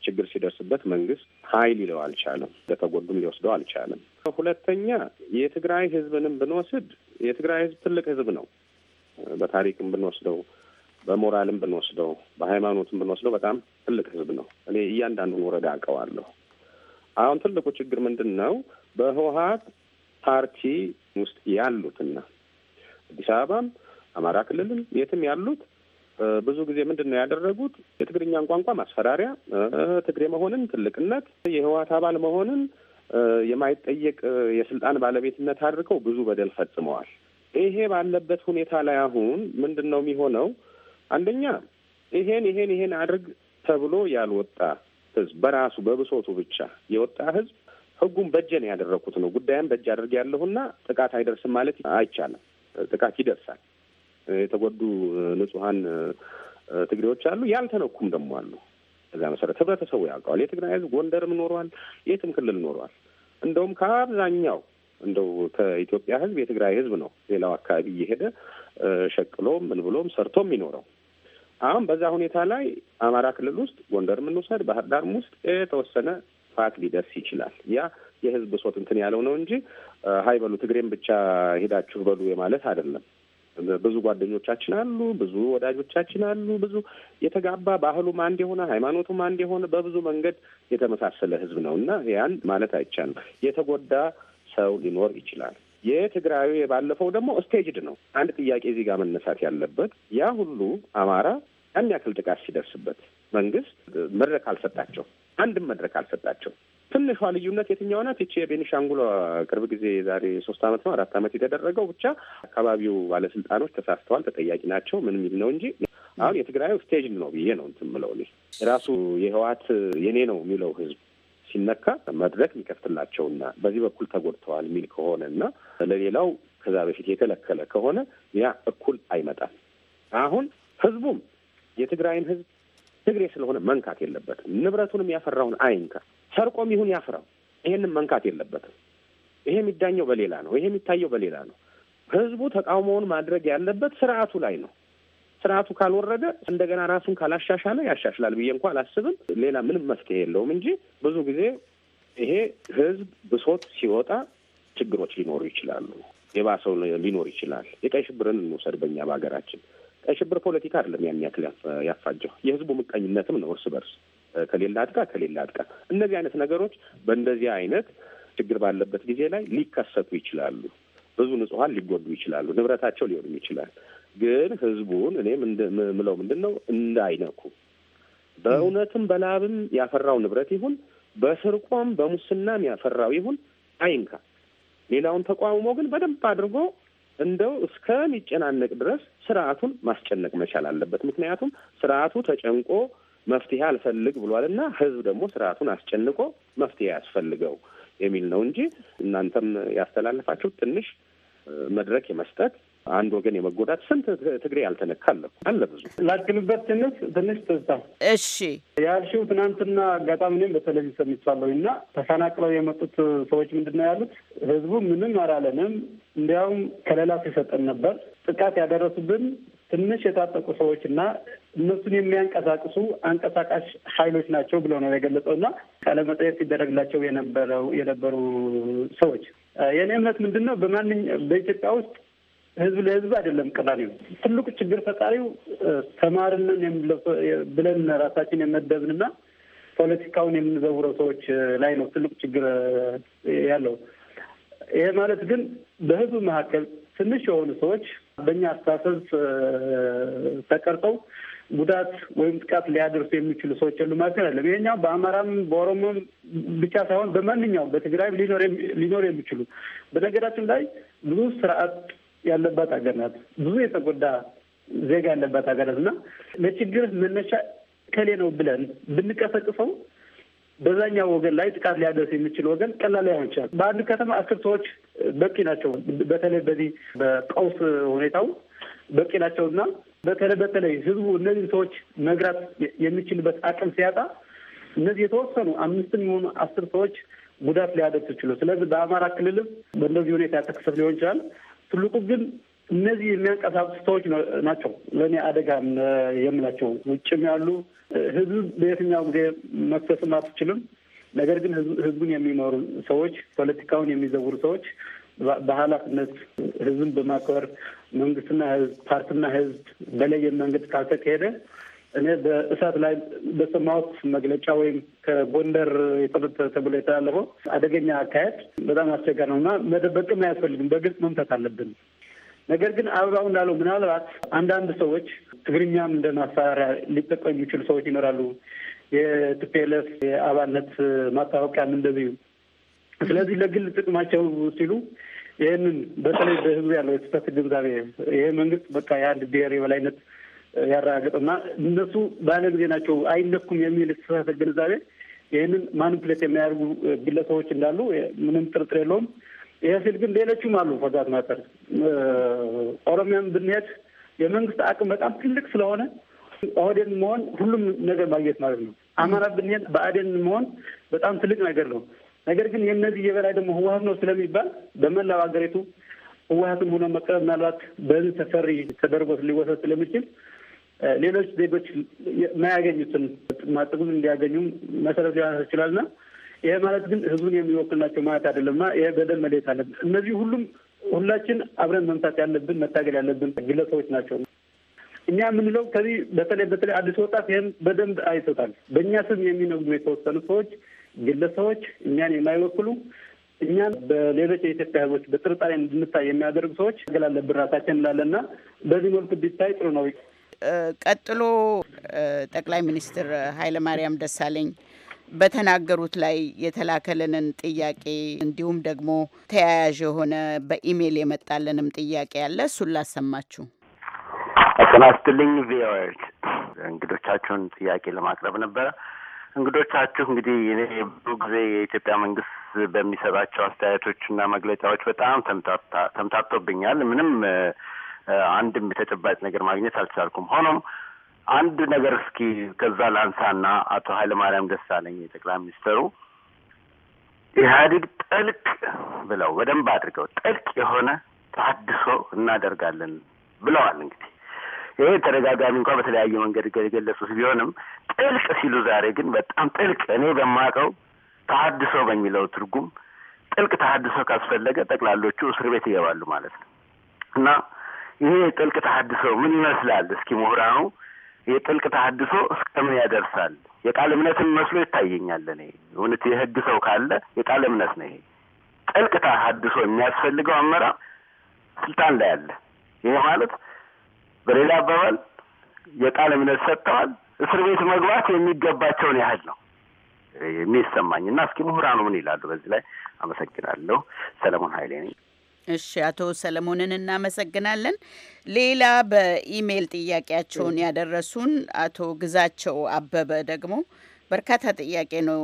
ችግር ሲደርስበት መንግስት ኃይል ሊለው አልቻለም። ለተጎዱም ሊወስደው አልቻለም። ሁለተኛ የትግራይ ህዝብንም ብንወስድ የትግራይ ህዝብ ትልቅ ህዝብ ነው። በታሪክም ብንወስደው በሞራልም ብንወስደው በሃይማኖትም ብንወስደው በጣም ትልቅ ህዝብ ነው። እኔ እያንዳንዱን ወረዳ አውቀዋለሁ። አሁን ትልቁ ችግር ምንድን ነው? በህወሀት ፓርቲ ውስጥ ያሉትና አዲስ አበባም አማራ ክልልም የትም ያሉት ብዙ ጊዜ ምንድን ነው ያደረጉት? የትግርኛን ቋንቋ ማስፈራሪያ፣ ትግሬ መሆንን፣ ትልቅነት፣ የህወሀት አባል መሆንን የማይጠየቅ የስልጣን ባለቤትነት አድርገው ብዙ በደል ፈጽመዋል። ይሄ ባለበት ሁኔታ ላይ አሁን ምንድን ነው የሚሆነው? አንደኛ ይሄን ይሄን ይሄን አድርግ ተብሎ ያልወጣ ህዝብ በራሱ በብሶቱ ብቻ የወጣ ህዝብ ህጉን በእጄ ነው ያደረግኩት ነው ጉዳይም በእጅ አድርግ ያለሁና ጥቃት አይደርስም ማለት አይቻልም። ጥቃት ይደርሳል። የተጎዱ ንጹሀን ትግሬዎች አሉ፣ ያልተነኩም ደግሞ አሉ። እዛ መሰረት ህብረተሰቡ ያውቀዋል። የትግራይ ህዝብ ጎንደርም ኖሯል፣ የትም ክልል ኖሯል። እንደውም ከአብዛኛው እንደው ከኢትዮጵያ ህዝብ የትግራይ ህዝብ ነው ሌላው አካባቢ እየሄደ ሸቅሎም ምን ብሎም ሰርቶ ይኖረው አሁን በዛ ሁኔታ ላይ አማራ ክልል ውስጥ ጎንደር የምንውሰድ ባህር ዳርም ውስጥ የተወሰነ ፋት ሊደርስ ይችላል። ያ የህዝብ ሶት እንትን ያለው ነው እንጂ ሀይ በሉ ትግሬም ብቻ ሄዳችሁ በሉ የማለት አይደለም። ብዙ ጓደኞቻችን አሉ፣ ብዙ ወዳጆቻችን አሉ። ብዙ የተጋባ ባህሉም አንድ የሆነ ሃይማኖቱም አንድ የሆነ በብዙ መንገድ የተመሳሰለ ህዝብ ነው እና ያን ማለት አይቻልም። የተጎዳ ሰው ሊኖር ይችላል። የትግራዊ የባለፈው ደግሞ ስቴጅድ ነው። አንድ ጥያቄ እዚህ ጋር መነሳት ያለበት ያ ሁሉ አማራ ያን ያክል ጥቃት ሲደርስበት መንግስት መድረክ አልሰጣቸው፣ አንድም መድረክ አልሰጣቸው። ትንሿ ልዩነት የትኛው ናት? ይቺ የቤኒሻንጉል ቅርብ ጊዜ የዛሬ ሶስት አመት ነው አራት አመት የተደረገው ብቻ አካባቢው ባለስልጣኖች ተሳስተዋል፣ ተጠያቂ ናቸው ምን የሚል ነው እንጂ አሁን የትግራዩ ስቴጅ ነው ብዬ ነው እንትን የምለው የራሱ የህወሓት የኔ ነው የሚለው ህዝብ ሲነካ መድረክ የሚከፍትላቸውና በዚህ በኩል ተጎድተዋል የሚል ከሆነ እና ለሌላው ከዛ በፊት የከለከለ ከሆነ ያ እኩል አይመጣም። አሁን ህዝቡም የትግራይን ህዝብ ትግሬ ስለሆነ መንካት የለበትም። ንብረቱንም ያፈራውን አይንካ። ሰርቆም ይሁን ያፍራው፣ ይሄንም መንካት የለበትም። ይሄ የሚዳኘው በሌላ ነው። ይሄ የሚታየው በሌላ ነው። ህዝቡ ተቃውሞውን ማድረግ ያለበት ስርዓቱ ላይ ነው። ስርዓቱ ካልወረደ እንደገና ራሱን ካላሻሻለ ያሻሽላል ብዬ እንኳ አላስብም። ሌላ ምንም መፍትሄ የለውም እንጂ ብዙ ጊዜ ይሄ ህዝብ ብሶት ሲወጣ ችግሮች ሊኖሩ ይችላሉ። የባሰው ሊኖር ይችላል። የቀይ ሽብርን እንውሰድ በእኛ በሀገራችን ሽብር ፖለቲካ አይደለም ያን ያክል ያፋጀው የህዝቡ ምቀኝነትም ነው። እርስ በርስ ከሌለ አድቃ ከሌላ አድቃ እነዚህ አይነት ነገሮች በእንደዚህ አይነት ችግር ባለበት ጊዜ ላይ ሊከሰቱ ይችላሉ። ብዙ ንጹሀን ሊጎዱ ይችላሉ። ንብረታቸው ሊሆንም ይችላል። ግን ህዝቡን እኔ ምለው ምንድን ነው እንዳይነኩ በእውነትም በላብም ያፈራው ንብረት ይሁን በስርቆም በሙስናም ያፈራው ይሁን አይንካ። ሌላውን ተቋውሞ ግን በደንብ አድርጎ እንደው እስከሚጨናነቅ ድረስ ስርዓቱን ማስጨነቅ መቻል አለበት። ምክንያቱም ስርዓቱ ተጨንቆ መፍትሄ አልፈልግ ብሏል እና ህዝብ ደግሞ ስርዓቱን አስጨንቆ መፍትሄ ያስፈልገው የሚል ነው እንጂ እናንተም ያስተላለፋችሁ ትንሽ መድረክ የመስጠት አንድ ወገን የመጎዳት ስንት ትግሬ ያልተነካ አለ ብዙ ላክልበት ትንሽ ትንሽ ትዝታ እሺ ያልሽው ትናንትና አጋጣሚ እኔም በቴሌቪዥን ሰምቻለሁ እና ተፈናቅለው የመጡት ሰዎች ምንድን ነው ያሉት ህዝቡ ምንም አላለንም እንዲያውም ከሌላ ሲሰጠን ነበር ጥቃት ያደረሱብን ትንሽ የታጠቁ ሰዎች እና እነሱን የሚያንቀሳቅሱ አንቀሳቃሽ ኃይሎች ናቸው ብለው ነው የገለጸው እና ቃለመጠየቅ ሲደረግላቸው የነበረው የነበሩ ሰዎች የእኔ እምነት ምንድን ነው በማንኛ በኢትዮጵያ ውስጥ ህዝብ ለህዝብ አይደለም ቀዳሚው ትልቁ ችግር ፈጣሪው ተማርነን ብለን ራሳችን የመደብንና ፖለቲካውን የምንዘውረው ሰዎች ላይ ነው ትልቁ ችግር ያለው። ይሄ ማለት ግን በህዝብ መካከል ትንሽ የሆኑ ሰዎች በእኛ አስተሳሰብ ተቀርጠው ጉዳት ወይም ጥቃት ሊያደርሱ የሚችሉ ሰዎች ያሉ ማለት አለም። ይሄኛው በአማራም በኦሮሞም ብቻ ሳይሆን በማንኛውም በትግራይም ሊኖር የሚችሉ በነገራችን ላይ ብዙ ስርዓት ያለባት ሀገር ናት። ብዙ የተጎዳ ዜጋ ያለባት ሀገር ናት እና ለችግር መነሻ ከሌ ነው ብለን ብንቀሰቅሰው በዛኛው ወገን ላይ ጥቃት ሊያደርስ የሚችል ወገን ቀላል ላይሆን ይችላል። በአንድ ከተማ አስር ሰዎች በቂ ናቸው። በተለይ በዚህ በቀውስ ሁኔታው በቂ ናቸው እና በተለይ በተለይ ህዝቡ እነዚህን ሰዎች መግራት የሚችልበት አቅም ሲያጣ እነዚህ የተወሰኑ አምስትም የሆኑ አስር ሰዎች ጉዳት ሊያደርስ ይችሉ። ስለዚህ በአማራ ክልልም በእንደዚህ ሁኔታ ያተከሰት ሊሆን ይችላል። ትልቁ ግን እነዚህ የሚያንቀሳቅሱ ሰዎች ናቸው ለእኔ አደጋ የምላቸው። ውጭም ያሉ ህዝብ በየትኛው ጊዜ መክሰስም አትችልም። ነገር ግን ህዝቡን የሚመሩ ሰዎች፣ ፖለቲካውን የሚዘውሩ ሰዎች በኃላፊነት ህዝብን በማክበር መንግስትና ህዝብ ፓርቲና ህዝብ በለየ መንገድ ካልተካሄደ እኔ በእሳት ላይ በሰማሁት መግለጫ ወይም ከጎንደር የጥብት ተብሎ የተላለፈው አደገኛ አካሄድ በጣም አስቸጋሪ ነው እና መደበቅም አያስፈልግም፣ በግልጽ መምታት አለብን። ነገር ግን አበባው እንዳለው ምናልባት አንዳንድ ሰዎች ትግርኛም እንደ ማስፈራሪያ ሊጠቀሙ የሚችሉ ሰዎች ይኖራሉ። የቲፒኤልኤፍ የአባልነት ማስታወቂያም እንደዚሁ። ስለዚህ ለግል ጥቅማቸው ሲሉ ይህንን በተለይ በህዝቡ ያለው የተሳት ግንዛቤ ይህ መንግስት በቃ የአንድ ብሔር የበላይነት ያረጋገጠና እነሱ ባለ ጊዜ ናቸው አይለኩም የሚል የተሳሳተ ግንዛቤ ይህንን ማኒፕሌት የሚያደርጉ ግለሰቦች እንዳሉ ምንም ጥርጥር የለውም። ይህ ሲል ግን ሌሎችም አሉ። ፈዛት ማጠር ኦሮሚያን ብንሄድ የመንግስት አቅም በጣም ትልቅ ስለሆነ ኦህዴን መሆን ሁሉም ነገር ማግኘት ማለት ነው። አማራ ብንሄድ በአዴን መሆን በጣም ትልቅ ነገር ነው። ነገር ግን የእነዚህ የበላይ ደግሞ ህወሀት ነው ስለሚባል በመላው ሀገሪቱ ህወሀትም ሆኖ መቀረብ ምናልባት በዚህ ተፈሪ ተደርጎ ሊወሰድ ስለሚችል ሌሎች ዜጎች የማያገኙትን ጥቅም እንዲያገኙ መሰረት ሊሆን ይችላልና ይሄ ማለት ግን ህዝቡን የሚወክል ናቸው ማለት አይደለምና ይሄ በደንብ መለየት አለብን። እነዚህ ሁሉም ሁላችን አብረን መምታት ያለብን መታገል ያለብን ግለሰቦች ናቸው። እኛ የምንለው ከዚህ በተለይ በተለይ አዲስ ወጣት ይህም በደንብ አይቶታል። በእኛ ስም የሚነግዱ የተወሰኑ ሰዎች፣ ግለሰቦች እኛን የማይወክሉ እኛን በሌሎች የኢትዮጵያ ህዝቦች በጥርጣሬ እንድንታይ የሚያደርጉ ሰዎች ገላለብን ራሳችን እንላለና በዚህ መልኩ ቢታይ ጥሩ ነው። ቀጥሎ ጠቅላይ ሚኒስትር ኃይለማርያም ደሳለኝ በተናገሩት ላይ የተላከልንን ጥያቄ እንዲሁም ደግሞ ተያያዥ የሆነ በኢሜይል የመጣልንም ጥያቄ አለ እሱን ላሰማችሁ። ጤና ይስጥልኝ ቪኦኤዎች፣ እንግዶቻችሁን ጥያቄ ለማቅረብ ነበረ። እንግዶቻችሁ እንግዲህ እኔ ብዙ ጊዜ የኢትዮጵያ መንግስት በሚሰጣቸው እና መግለጫዎች በጣም ተምታቶብኛል ምንም አንድም የተጨባጭ ነገር ማግኘት አልቻልኩም። ሆኖም አንድ ነገር እስኪ ከዛ ላንሳና አቶ ኃይለማርያም ደሳለኝ የጠቅላይ ሚኒስትሩ ኢህአዴግ ጥልቅ ብለው በደንብ አድርገው ጥልቅ የሆነ ተሀድሶ እናደርጋለን ብለዋል። እንግዲህ ይሄ ተደጋጋሚ እንኳ በተለያየ መንገድ የገለጹት ቢሆንም ጥልቅ ሲሉ ዛሬ ግን በጣም ጥልቅ እኔ በማውቀው ተሀድሶ በሚለው ትርጉም ጥልቅ ተሀድሶ ካስፈለገ ጠቅላሎቹ እስር ቤት ይገባሉ ማለት ነው እና ይሄ ጥልቅ ተሀድሶ ምን ይመስላል? እስኪ ምሁራኑ የጥልቅ ተሀድሶ እስከምን ያደርሳል? የቃል እምነትን መስሎ ይታየኛል። እኔ እውነት የህግ ሰው ካለ የቃል እምነት ነው ይሄ ጥልቅ ተሀድሶ የሚያስፈልገው አመራር ስልጣን ላይ አለ። ይሄ ማለት በሌላ አባባል የቃል እምነት ሰጥተዋል፣ እስር ቤት መግባት የሚገባቸውን ያህል ነው የሚሰማኝ እና እስኪ ምሁራኑ ምን ይላሉ? በዚህ ላይ አመሰግናለሁ። ሰለሞን ኃይሌ ነኝ። እሺ አቶ ሰለሞንን እናመሰግናለን። ሌላ በኢሜይል ጥያቄያቸውን ያደረሱን አቶ ግዛቸው አበበ ደግሞ በርካታ ጥያቄ ነው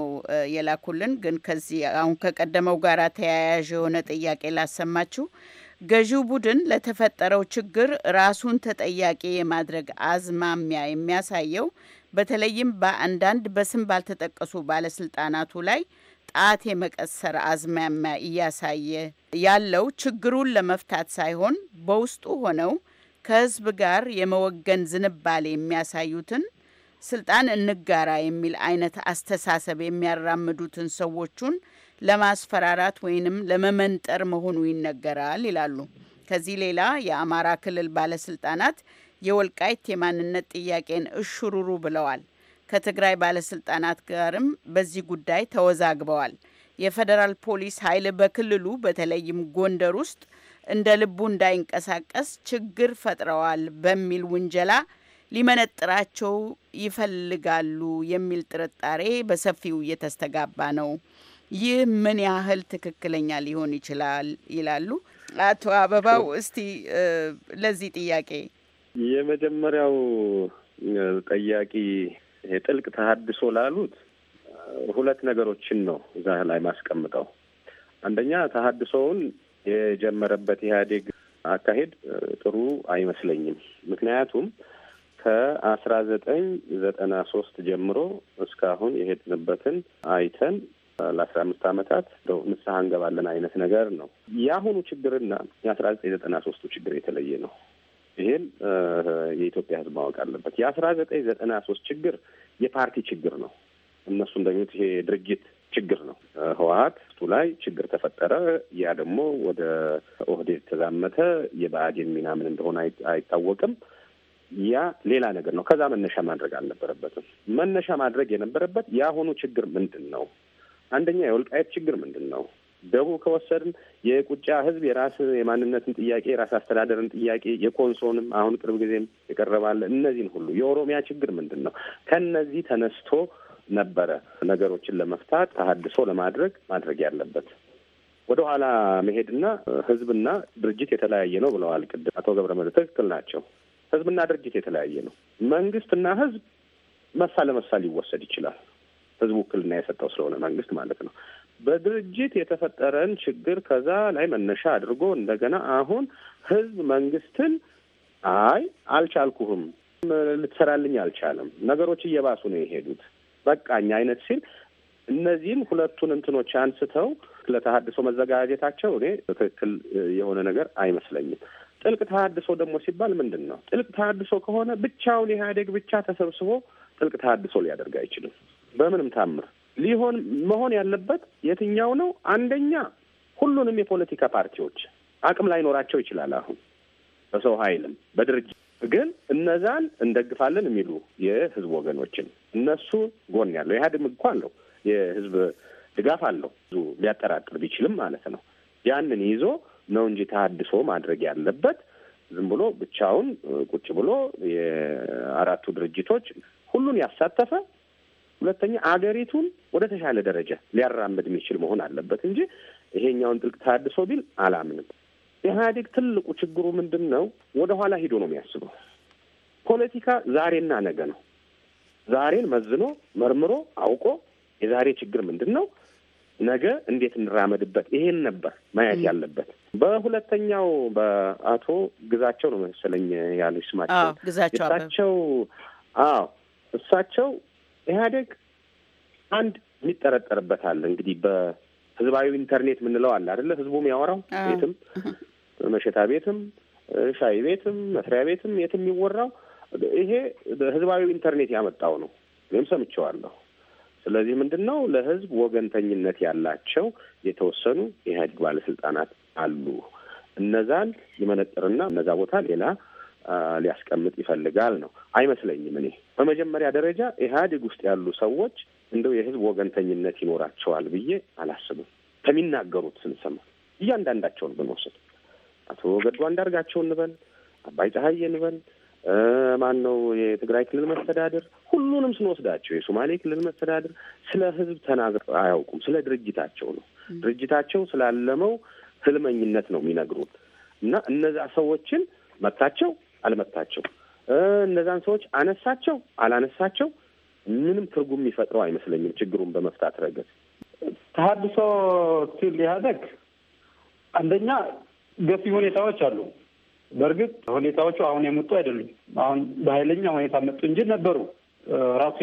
የላኩልን። ግን ከዚህ አሁን ከቀደመው ጋር ተያያዥ የሆነ ጥያቄ ላሰማችሁ። ገዢው ቡድን ለተፈጠረው ችግር ራሱን ተጠያቂ የማድረግ አዝማሚያ የሚያሳየው በተለይም በአንዳንድ በስም ባልተጠቀሱ ባለስልጣናቱ ላይ ጣት የመቀሰር አዝማሚያ እያሳየ ያለው ችግሩን ለመፍታት ሳይሆን በውስጡ ሆነው ከህዝብ ጋር የመወገን ዝንባሌ የሚያሳዩትን ስልጣን እንጋራ የሚል አይነት አስተሳሰብ የሚያራምዱትን ሰዎቹን ለማስፈራራት ወይንም ለመመንጠር መሆኑ ይነገራል ይላሉ። ከዚህ ሌላ የአማራ ክልል ባለስልጣናት የወልቃይት የማንነት ጥያቄን እሽሩሩ ብለዋል። ከትግራይ ባለስልጣናት ጋርም በዚህ ጉዳይ ተወዛግበዋል። የፌዴራል ፖሊስ ኃይል በክልሉ በተለይም ጎንደር ውስጥ እንደ ልቡ እንዳይንቀሳቀስ ችግር ፈጥረዋል በሚል ውንጀላ ሊመነጥራቸው ይፈልጋሉ የሚል ጥርጣሬ በሰፊው እየተስተጋባ ነው። ይህ ምን ያህል ትክክለኛ ሊሆን ይችላል ይላሉ አቶ አበባው። እስቲ ለዚህ ጥያቄ የመጀመሪያው ጠያቂ ይሄ ጥልቅ ተሀድሶ ላሉት ሁለት ነገሮችን ነው እዛ ላይ ማስቀምጠው። አንደኛ ተሀድሶውን የጀመረበት ኢህአዴግ አካሄድ ጥሩ አይመስለኝም። ምክንያቱም ከአስራ ዘጠኝ ዘጠና ሶስት ጀምሮ እስካሁን የሄድንበትን አይተን ለአስራ አምስት አመታት እንደው ንስሐ እንገባለን አይነት ነገር ነው። የአሁኑ ችግርና የአስራ ዘጠኝ ዘጠና ሶስቱ ችግር የተለየ ነው። ይሄን የኢትዮጵያ ህዝብ ማወቅ አለበት። የአስራ ዘጠኝ ዘጠና ሶስት ችግር የፓርቲ ችግር ነው። እነሱ እንደሚሉት ይሄ ድርጅት ችግር ነው። ህወሀት ቱ ላይ ችግር ተፈጠረ። ያ ደግሞ ወደ ኦህዴድ ተዛመተ። የብአዴን ሚና ምን እንደሆነ አይታወቅም። ያ ሌላ ነገር ነው። ከዛ መነሻ ማድረግ አልነበረበትም። መነሻ ማድረግ የነበረበት የአሁኑ ችግር ምንድን ነው? አንደኛ የወልቃየት ችግር ምንድን ነው? ደቡብ ከወሰድን የቁጫ ህዝብ የራስ የማንነትን ጥያቄ የራስ አስተዳደርን ጥያቄ የኮንሶንም አሁን ቅርብ ጊዜም የቀረባለ እነዚህን ሁሉ የኦሮሚያ ችግር ምንድን ነው ከነዚህ ተነስቶ ነበረ ነገሮችን ለመፍታት ተሀድሶ ለማድረግ ማድረግ ያለበት ወደ ኋላ መሄድና ህዝብና ድርጅት የተለያየ ነው ብለዋል ቅድም አቶ መድ ትክክል ናቸው ህዝብና ድርጅት የተለያየ ነው መንግስትና ህዝብ መሳ ለመሳ ሊወሰድ ይችላል ህዝቡ ውክልና የሰጠው ስለሆነ መንግስት ማለት ነው በድርጅት የተፈጠረን ችግር ከዛ ላይ መነሻ አድርጎ እንደገና አሁን ህዝብ መንግስትን አይ አልቻልኩህም፣ ልትሰራልኝ አልቻለም፣ ነገሮች እየባሱ ነው የሄዱት በቃኝ አይነት ሲል እነዚህም ሁለቱን እንትኖች አንስተው ለተሀድሶ መዘጋጀታቸው እኔ ትክክል የሆነ ነገር አይመስለኝም። ጥልቅ ተሀድሶ ደግሞ ሲባል ምንድን ነው? ጥልቅ ተሀድሶ ከሆነ ብቻውን ኢህአዴግ ብቻ ተሰብስቦ ጥልቅ ተሀድሶ ሊያደርግ አይችልም በምንም ታምር። ሊሆን መሆን ያለበት የትኛው ነው? አንደኛ ሁሉንም የፖለቲካ ፓርቲዎች አቅም ላይኖራቸው ይችላል። አሁን በሰው ኃይልም በድርጅት ግን እነዛን እንደግፋለን የሚሉ የህዝብ ወገኖችን እነሱ ጎን ያለው ኢህአዴግ እኮ አለው የህዝብ ድጋፍ አለው ብዙ ሊያጠራጥር ቢችልም ማለት ነው። ያንን ይዞ ነው እንጂ ተሀድሶ ማድረግ ያለበት ዝም ብሎ ብቻውን ቁጭ ብሎ የአራቱ ድርጅቶች ሁሉን ያሳተፈ ሁለተኛ አገሪቱን ወደ ተሻለ ደረጃ ሊያራምድ የሚችል መሆን አለበት እንጂ ይሄኛውን ጥልቅ ተሃድሶ ቢል አላምንም። ኢህአዴግ ትልቁ ችግሩ ምንድን ነው? ወደ ኋላ ሂዶ ነው የሚያስበው። ፖለቲካ ዛሬና ነገ ነው። ዛሬን መዝኖ መርምሮ አውቆ የዛሬ ችግር ምንድን ነው፣ ነገ እንዴት እንራመድበት፣ ይሄን ነበር ማየት ያለበት። በሁለተኛው በአቶ ግዛቸው ነው መሰለኝ ያሉ ስማቸው ግዛቸው። አዎ እሳቸው ኢህአዴግ አንድ የሚጠረጠርበት አለ እንግዲህ በህዝባዊ ኢንተርኔት የምንለው አለ አደለ? ህዝቡም ያወራው ቤትም፣ መሸታ ቤትም፣ ሻይ ቤትም፣ መስሪያ ቤትም የትም የሚወራው ይሄ ህዝባዊ ኢንተርኔት ያመጣው ነው። እኔም ሰምቼዋለሁ። ስለዚህ ምንድን ነው ለህዝብ ወገንተኝነት ያላቸው የተወሰኑ የኢህአዴግ ባለስልጣናት አሉ። እነዛን ይመነጥርና እነዛ ቦታ ሌላ ሊያስቀምጥ ይፈልጋል ነው አይመስለኝም። እኔ በመጀመሪያ ደረጃ ኢህአዴግ ውስጥ ያሉ ሰዎች እንደው የህዝብ ወገንተኝነት ይኖራቸዋል ብዬ አላስብም። ከሚናገሩት ስንሰማ እያንዳንዳቸውን ብንወስድ አቶ ገዱ አንዳርጋቸው እንበል፣ አባይ ፀሐዬ እንበል፣ ማን ነው የትግራይ ክልል መስተዳድር፣ ሁሉንም ስንወስዳቸው የሶማሌ ክልል መስተዳድር ስለ ህዝብ ተናግረው አያውቁም። ስለ ድርጅታቸው ነው ድርጅታቸው ስላለመው ህልመኝነት ነው የሚነግሩት እና እነዛ ሰዎችን መታቸው አልመታቸው፣ እነዛን ሰዎች አነሳቸው አላነሳቸው ምንም ትርጉም የሚፈጥረው አይመስለኝም። ችግሩን በመፍታት ረገድ ተሀድሶ ሲል ኢህአዴግ አንደኛ ገፊ ሁኔታዎች አሉ። በእርግጥ ሁኔታዎቹ አሁን የመጡ አይደሉም። አሁን በኃይለኛ ሁኔታ መጡ እንጂ ነበሩ። ራሱ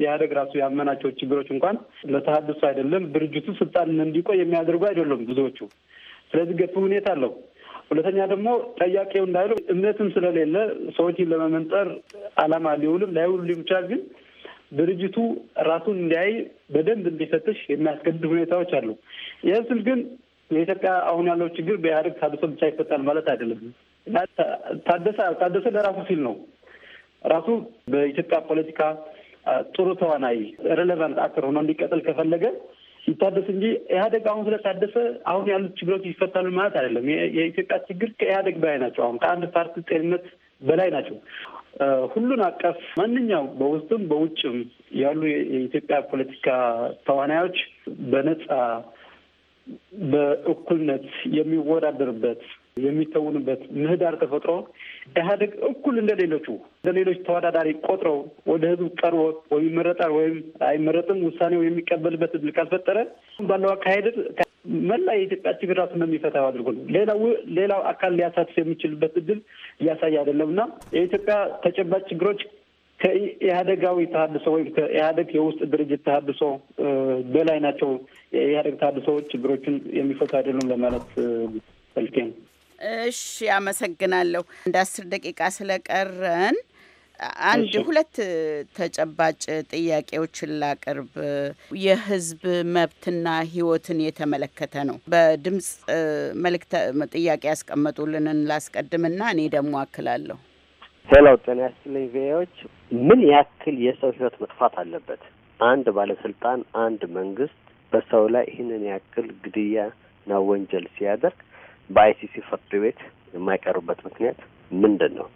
ኢህአዴግ ራሱ ያመናቸው ችግሮች እንኳን ለተሀድሶ አይደለም ድርጅቱ ስልጣን እንዲቆይ የሚያደርጉ አይደሉም ብዙዎቹ። ስለዚህ ገፊ ሁኔታ አለው። ሁለተኛ ደግሞ ጠያቄው እንዳይሉ እምነትም ስለሌለ ሰዎችን ለመመንጠር አላማ ሊውልም ላይውል ይቻል ግን ድርጅቱ ራሱን እንዲያይ በደንብ እንዲፈትሽ የሚያስገድድ ሁኔታዎች አሉ። ይህ ስል ግን የኢትዮጵያ አሁን ያለው ችግር በኢህአዴግ ታድሶ ብቻ ይፈጣል ማለት አይደለም። ታደሰ ታደሰ ለራሱ ሲል ነው። ራሱ በኢትዮጵያ ፖለቲካ ጥሩ ተዋናይ ሬሌቫንት አክተር ሆኖ እንዲቀጥል ከፈለገ ይታደስ እንጂ ኢህአደግ አሁን ስለታደሰ አሁን ያሉት ችግሮች ይፈታሉ ማለት አይደለም። የኢትዮጵያ ችግር ከኢህአደግ በላይ ናቸው። አሁን ከአንድ ፓርቲ ጤንነት በላይ ናቸው። ሁሉን አቀፍ ማንኛውም በውስጥም በውጭም ያሉ የኢትዮጵያ ፖለቲካ ተዋናዮች በነጻ በእኩልነት የሚወዳደርበት የሚተውንበት ምህዳር ተፈጥሮ ኢህአዴግ እኩል እንደ ሌሎቹ እንደ ሌሎች ተወዳዳሪ ቆጥረው ወደ ህዝብ ቀርቦ ወይም ይመረጣል ወይም አይመረጥም ውሳኔው የሚቀበልበት እድል ካልፈጠረ ባለው አካሄድ መላ የኢትዮጵያ ችግር ራሱ ነው የሚፈታው አድርጎ ነው። ሌላው ሌላው አካል ሊያሳትፍ የሚችልበት እድል እያሳየ አይደለም እና የኢትዮጵያ ተጨባጭ ችግሮች ከኢህአደጋዊ ተሀድሶ ወይም ከኢህአደግ የውስጥ ድርጅት ተሀድሶ በላይ ናቸው። የኢህአደግ ተሀድሶ ችግሮችን የሚፈቱ አይደሉም ለማለት ፈልጌ ነው። እሺ፣ አመሰግናለሁ። እንደ አስር ደቂቃ ስለቀረን አንድ ሁለት ተጨባጭ ጥያቄዎችን ላቅርብ። የህዝብ መብትና ህይወትን የተመለከተ ነው። በድምፅ መልእክት ጥያቄ ያስቀመጡልንን ላስቀድምና እኔ ደግሞ አክላለሁ። ሰላው ጤና ያስጥልኝ ቪዎች ምን ያክል የሰው ህይወት መጥፋት አለበት? አንድ ባለስልጣን፣ አንድ መንግስት በሰው ላይ ይህንን ያክል ግድያና ወንጀል ሲያደርግ በአይሲሲ ፍርድ ቤት የማይቀርብበት ምክንያት ምንድን ነው?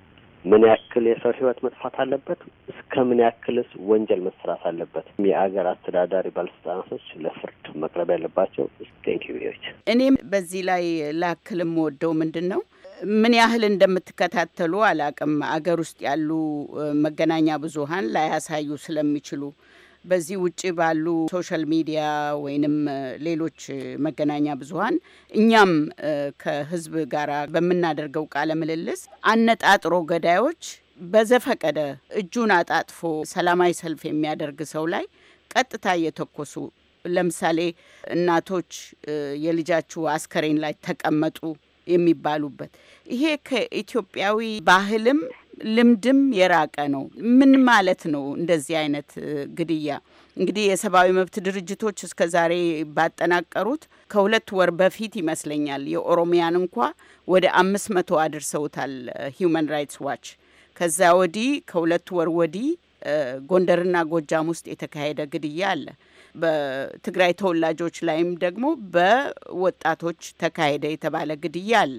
ምን ያክል የሰው ህይወት መጥፋት አለበት? እስከ ምን ያክልስ ወንጀል መሰራት አለበት? የአገር አስተዳዳሪ ባለስልጣናቶች ለፍርድ መቅረብ ያለባቸው ንኪዎች እኔም በዚህ ላይ ላክል የምወደው ምንድን ነው ምን ያህል እንደምትከታተሉ አላቅም። አገር ውስጥ ያሉ መገናኛ ብዙሀን ላያሳዩ ስለሚችሉ በዚህ ውጭ ባሉ ሶሻል ሚዲያ ወይንም ሌሎች መገናኛ ብዙኃን እኛም ከህዝብ ጋር በምናደርገው ቃለ ምልልስ አነጣጥሮ ገዳዮች በዘፈቀደ እጁን አጣጥፎ ሰላማዊ ሰልፍ የሚያደርግ ሰው ላይ ቀጥታ እየተኮሱ ለምሳሌ እናቶች የልጃችሁ አስከሬን ላይ ተቀመጡ የሚባሉበት ይሄ ከኢትዮጵያዊ ባህልም ልምድም የራቀ ነው። ምን ማለት ነው እንደዚህ አይነት ግድያ? እንግዲህ የሰብአዊ መብት ድርጅቶች እስከ ዛሬ ባጠናቀሩት ከሁለት ወር በፊት ይመስለኛል የኦሮሚያን እንኳ ወደ አምስት መቶ አድርሰውታል ሂዩማን ራይትስ ዋች። ከዛ ወዲህ ከሁለት ወር ወዲህ ጎንደርና ጎጃም ውስጥ የተካሄደ ግድያ አለ። በትግራይ ተወላጆች ላይም ደግሞ በወጣቶች ተካሄደ የተባለ ግድያ አለ።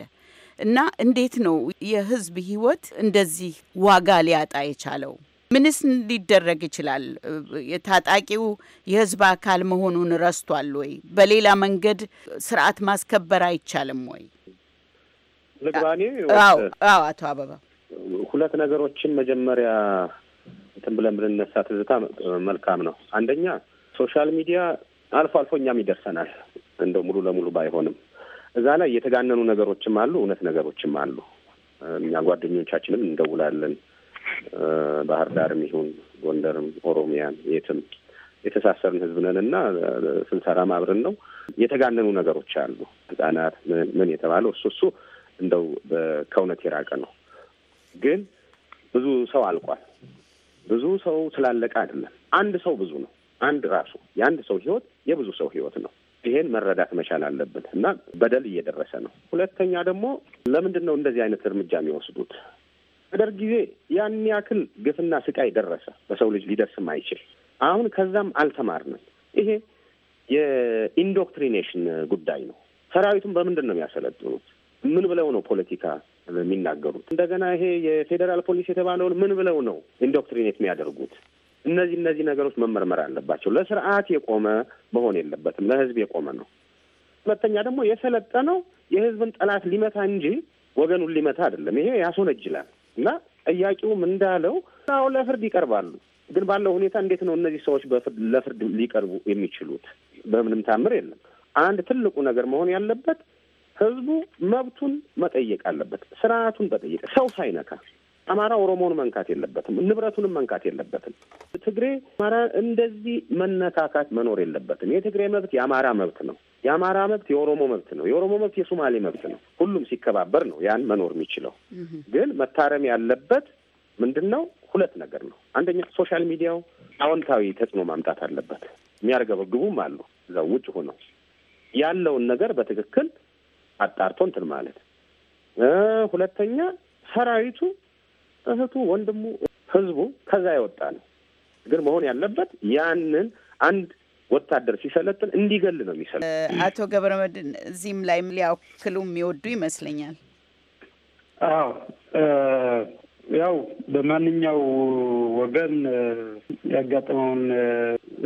እና እንዴት ነው የህዝብ ህይወት እንደዚህ ዋጋ ሊያጣ የቻለው? ምንስ ሊደረግ ይችላል? የታጣቂው የህዝብ አካል መሆኑን ረስቷል ወይ? በሌላ መንገድ ስርዓት ማስከበር አይቻልም ወይ? ልግባኔ አቶ አበባ ሁለት ነገሮችን መጀመሪያ እንትን ብለን ብንነሳ ትዝታ መልካም ነው። አንደኛ ሶሻል ሚዲያ አልፎ አልፎ እኛም ይደርሰናል እንደው ሙሉ ለሙሉ ባይሆንም እዛ ላይ የተጋነኑ ነገሮችም አሉ፣ እውነት ነገሮችም አሉ። እኛ ጓደኞቻችንም እንደውላለን። ባህር ዳርም ይሁን ጎንደርም፣ ኦሮሚያም፣ የትም የተሳሰርን ህዝብ ነን እና ስንሰራ ማብረን ነው። የተጋነኑ ነገሮች አሉ። ህጻናት ምን የተባለው እሱ እሱ እንደው ከእውነት የራቀ ነው። ግን ብዙ ሰው አልቋል። ብዙ ሰው ስላለቀ አይደለም። አንድ ሰው ብዙ ነው። አንድ ራሱ የአንድ ሰው ህይወት የብዙ ሰው ህይወት ነው። ይሄን መረዳት መቻል አለብን እና በደል እየደረሰ ነው። ሁለተኛ ደግሞ ለምንድን ነው እንደዚህ አይነት እርምጃ የሚወስዱት? በደርግ ጊዜ ያን ያክል ግፍና ስቃይ ደረሰ፣ በሰው ልጅ ሊደርስም አይችል። አሁን ከዛም አልተማርንም። ይሄ የኢንዶክትሪኔሽን ጉዳይ ነው። ሰራዊቱን በምንድን ነው የሚያሰለጥኑት? ምን ብለው ነው ፖለቲካ የሚናገሩት? እንደገና ይሄ የፌዴራል ፖሊስ የተባለውን ምን ብለው ነው ኢንዶክትሪኔት የሚያደርጉት? እነዚህ እነዚህ ነገሮች መመርመር አለባቸው። ለስርዓት የቆመ መሆን የለበትም፣ ለህዝብ የቆመ ነው። ሁለተኛ ደግሞ የሰለጠነው የህዝብን ጠላት ሊመታ እንጂ ወገኑን ሊመታ አይደለም። ይሄ ያስወነጅላል እና ጠያቂውም እንዳለው አዎ ለፍርድ ይቀርባሉ። ግን ባለው ሁኔታ እንዴት ነው እነዚህ ሰዎች በፍርድ ለፍርድ ሊቀርቡ የሚችሉት? በምንም ታምር የለም። አንድ ትልቁ ነገር መሆን ያለበት ህዝቡ መብቱን መጠየቅ አለበት፣ ስርዓቱን መጠየቅ ሰው ሳይነካ አማራ ኦሮሞን መንካት የለበትም፣ ንብረቱንም መንካት የለበትም። ትግሬ አማራ እንደዚህ መነካካት መኖር የለበትም። የትግሬ መብት የአማራ መብት ነው። የአማራ መብት የኦሮሞ መብት ነው። የኦሮሞ መብት የሶማሌ መብት ነው። ሁሉም ሲከባበር ነው ያን መኖር የሚችለው። ግን መታረም ያለበት ምንድን ነው? ሁለት ነገር ነው። አንደኛ ሶሻል ሚዲያው አዎንታዊ ተጽዕኖ ማምጣት አለበት። የሚያርገበግቡም አሉ እዛው ውጭ ሆነው ያለውን ነገር በትክክል አጣርቶ እንትን ማለት ሁለተኛ ሰራዊቱ እህቱ፣ ወንድሙ፣ ህዝቡ ከዛ የወጣ ነው። ግን መሆን ያለበት ያንን አንድ ወታደር ሲሰለጥን እንዲገል ነው የሚሰለጥን። አቶ ገብረመድህን እዚህም ላይ ሊያክሉ የሚወዱ ይመስለኛል። አዎ ያው በማንኛው ወገን ያጋጠመውን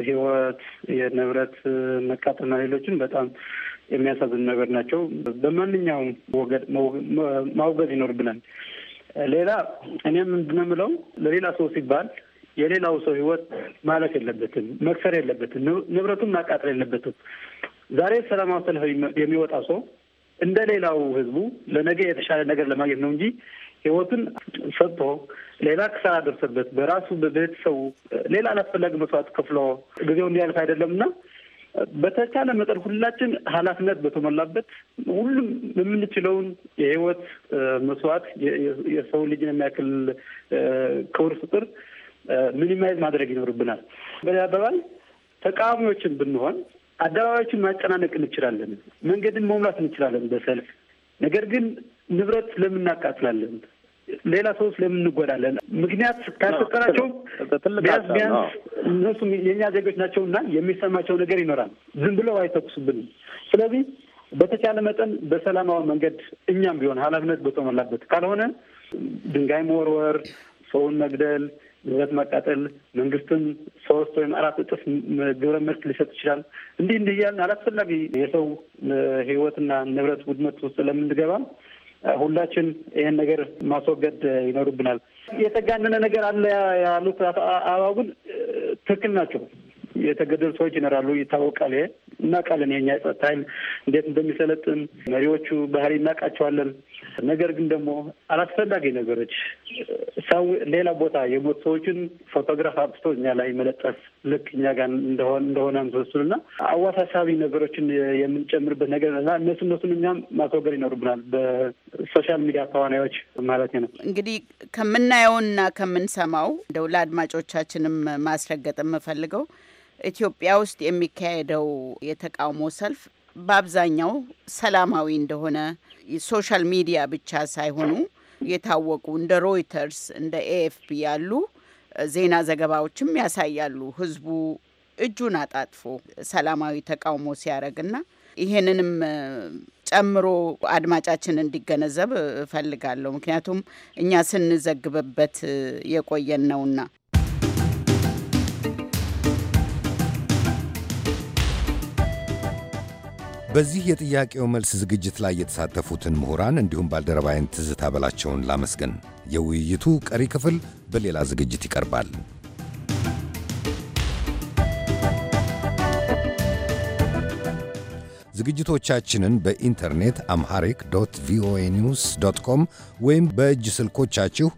ህይወት፣ የንብረት መቃጠልና ሌሎችን በጣም የሚያሳዝን ነገር ናቸው። በማንኛውም ወገን ማውገዝ ይኖርብናል። ሌላ እኔም ምንድነው የምለው ለሌላ ሰው ሲባል የሌላው ሰው ህይወት ማለፍ የለበትም፣ መክሰር የለበትም፣ ንብረቱን ማቃጠል የለበትም። ዛሬ ሰላማዊ ሰልፍ የሚወጣ ሰው እንደ ሌላው ህዝቡ ለነገ የተሻለ ነገር ለማግኘት ነው እንጂ ህይወቱን ሰጥቶ ሌላ ክሳ ደርሰበት በራሱ በቤተሰቡ ሌላ አላስፈላጊ መስዋዕት ከፍሎ ጊዜው እንዲያልፍ አይደለም እና በተቻለ መጠን ሁላችን ኃላፊነት በተሞላበት ሁሉም የምንችለውን የህይወት መስዋዕት የሰው ልጅን የሚያክል ክቡር ፍጡር ሚኒማይዝ ማድረግ ይኖርብናል። በሌላ አባባል ተቃዋሚዎችን ብንሆን አደባባዮችን ማጨናነቅ እንችላለን፣ መንገድን መሙላት እንችላለን በሰልፍ ነገር ግን ንብረት ለምን ሌላ ሰው ለምን ምክንያት ካልፈጠራቸው ቢያንስ ቢያንስ እነሱም የእኛ ዜጎች ናቸውና የሚሰማቸው ነገር ይኖራል። ዝም ብለው አይተኩሱብንም። ስለዚህ በተቻለ መጠን በሰላማዊ መንገድ እኛም ቢሆን ኃላፊነት በተሞላበት ካልሆነ ድንጋይ መወርወር፣ ሰውን መግደል፣ ንብረት ማቃጠል መንግስትም ሶስት ወይም አራት እጥፍ ግብረ መልስ ሊሰጥ ይችላል። እንዲህ እንዲህ እያልን አላስፈላጊ የሰው ህይወትና ንብረት ውድመት ውስጥ ለምንገባ ሁላችን ይህን ነገር ማስወገድ ይኖሩብናል። የተጋነነ ነገር አለ ያሉት አባው ግን ትክክል ናቸው። የተገደሉ ሰዎች ይኖራሉ፣ ይታወቃል። እናውቃለን። የኛ የጸጥታ ኃይል እንዴት እንደሚሰለጥን መሪዎቹ ባህሪ እናውቃቸዋለን። ነገር ግን ደግሞ አላስፈላጊ ነገሮች ሰው ሌላ ቦታ የሞት ሰዎችን ፎቶግራፍ አብስቶ እኛ ላይ መለጠፍ ልክ እኛ ጋር እንደሆነ እንደሆነ ና አዋሳሳቢ ነገሮችን የምንጨምርበት ነገር ና እነሱ እነሱን እኛም ማስወገድ ይኖርብናል በሶሻል ሚዲያ ተዋናዮች ማለት ነው። እንግዲህ ከምናየውና ከምንሰማው እንደው ለአድማጮቻችንም ማስረገጥ የምፈልገው ኢትዮጵያ ውስጥ የሚካሄደው የተቃውሞ ሰልፍ በአብዛኛው ሰላማዊ እንደሆነ ሶሻል ሚዲያ ብቻ ሳይሆኑ የታወቁ እንደ ሮይተርስ እንደ ኤኤፍፒ ያሉ ዜና ዘገባዎችም ያሳያሉ። ህዝቡ እጁን አጣጥፎ ሰላማዊ ተቃውሞ ሲያደርግና ይሄንንም ጨምሮ አድማጫችን እንዲገነዘብ እፈልጋለሁ። ምክንያቱም እኛ ስንዘግብበት የቆየን ነውና በዚህ የጥያቄው መልስ ዝግጅት ላይ የተሳተፉትን ምሁራን እንዲሁም ባልደረባይን ትዝታ በላቸውን ላመስግን። የውይይቱ ቀሪ ክፍል በሌላ ዝግጅት ይቀርባል። ዝግጅቶቻችንን በኢንተርኔት አምሃሪክ ዶት ቪኦኤ ኒውስ ዶት ኮም ወይም በእጅ ስልኮቻችሁ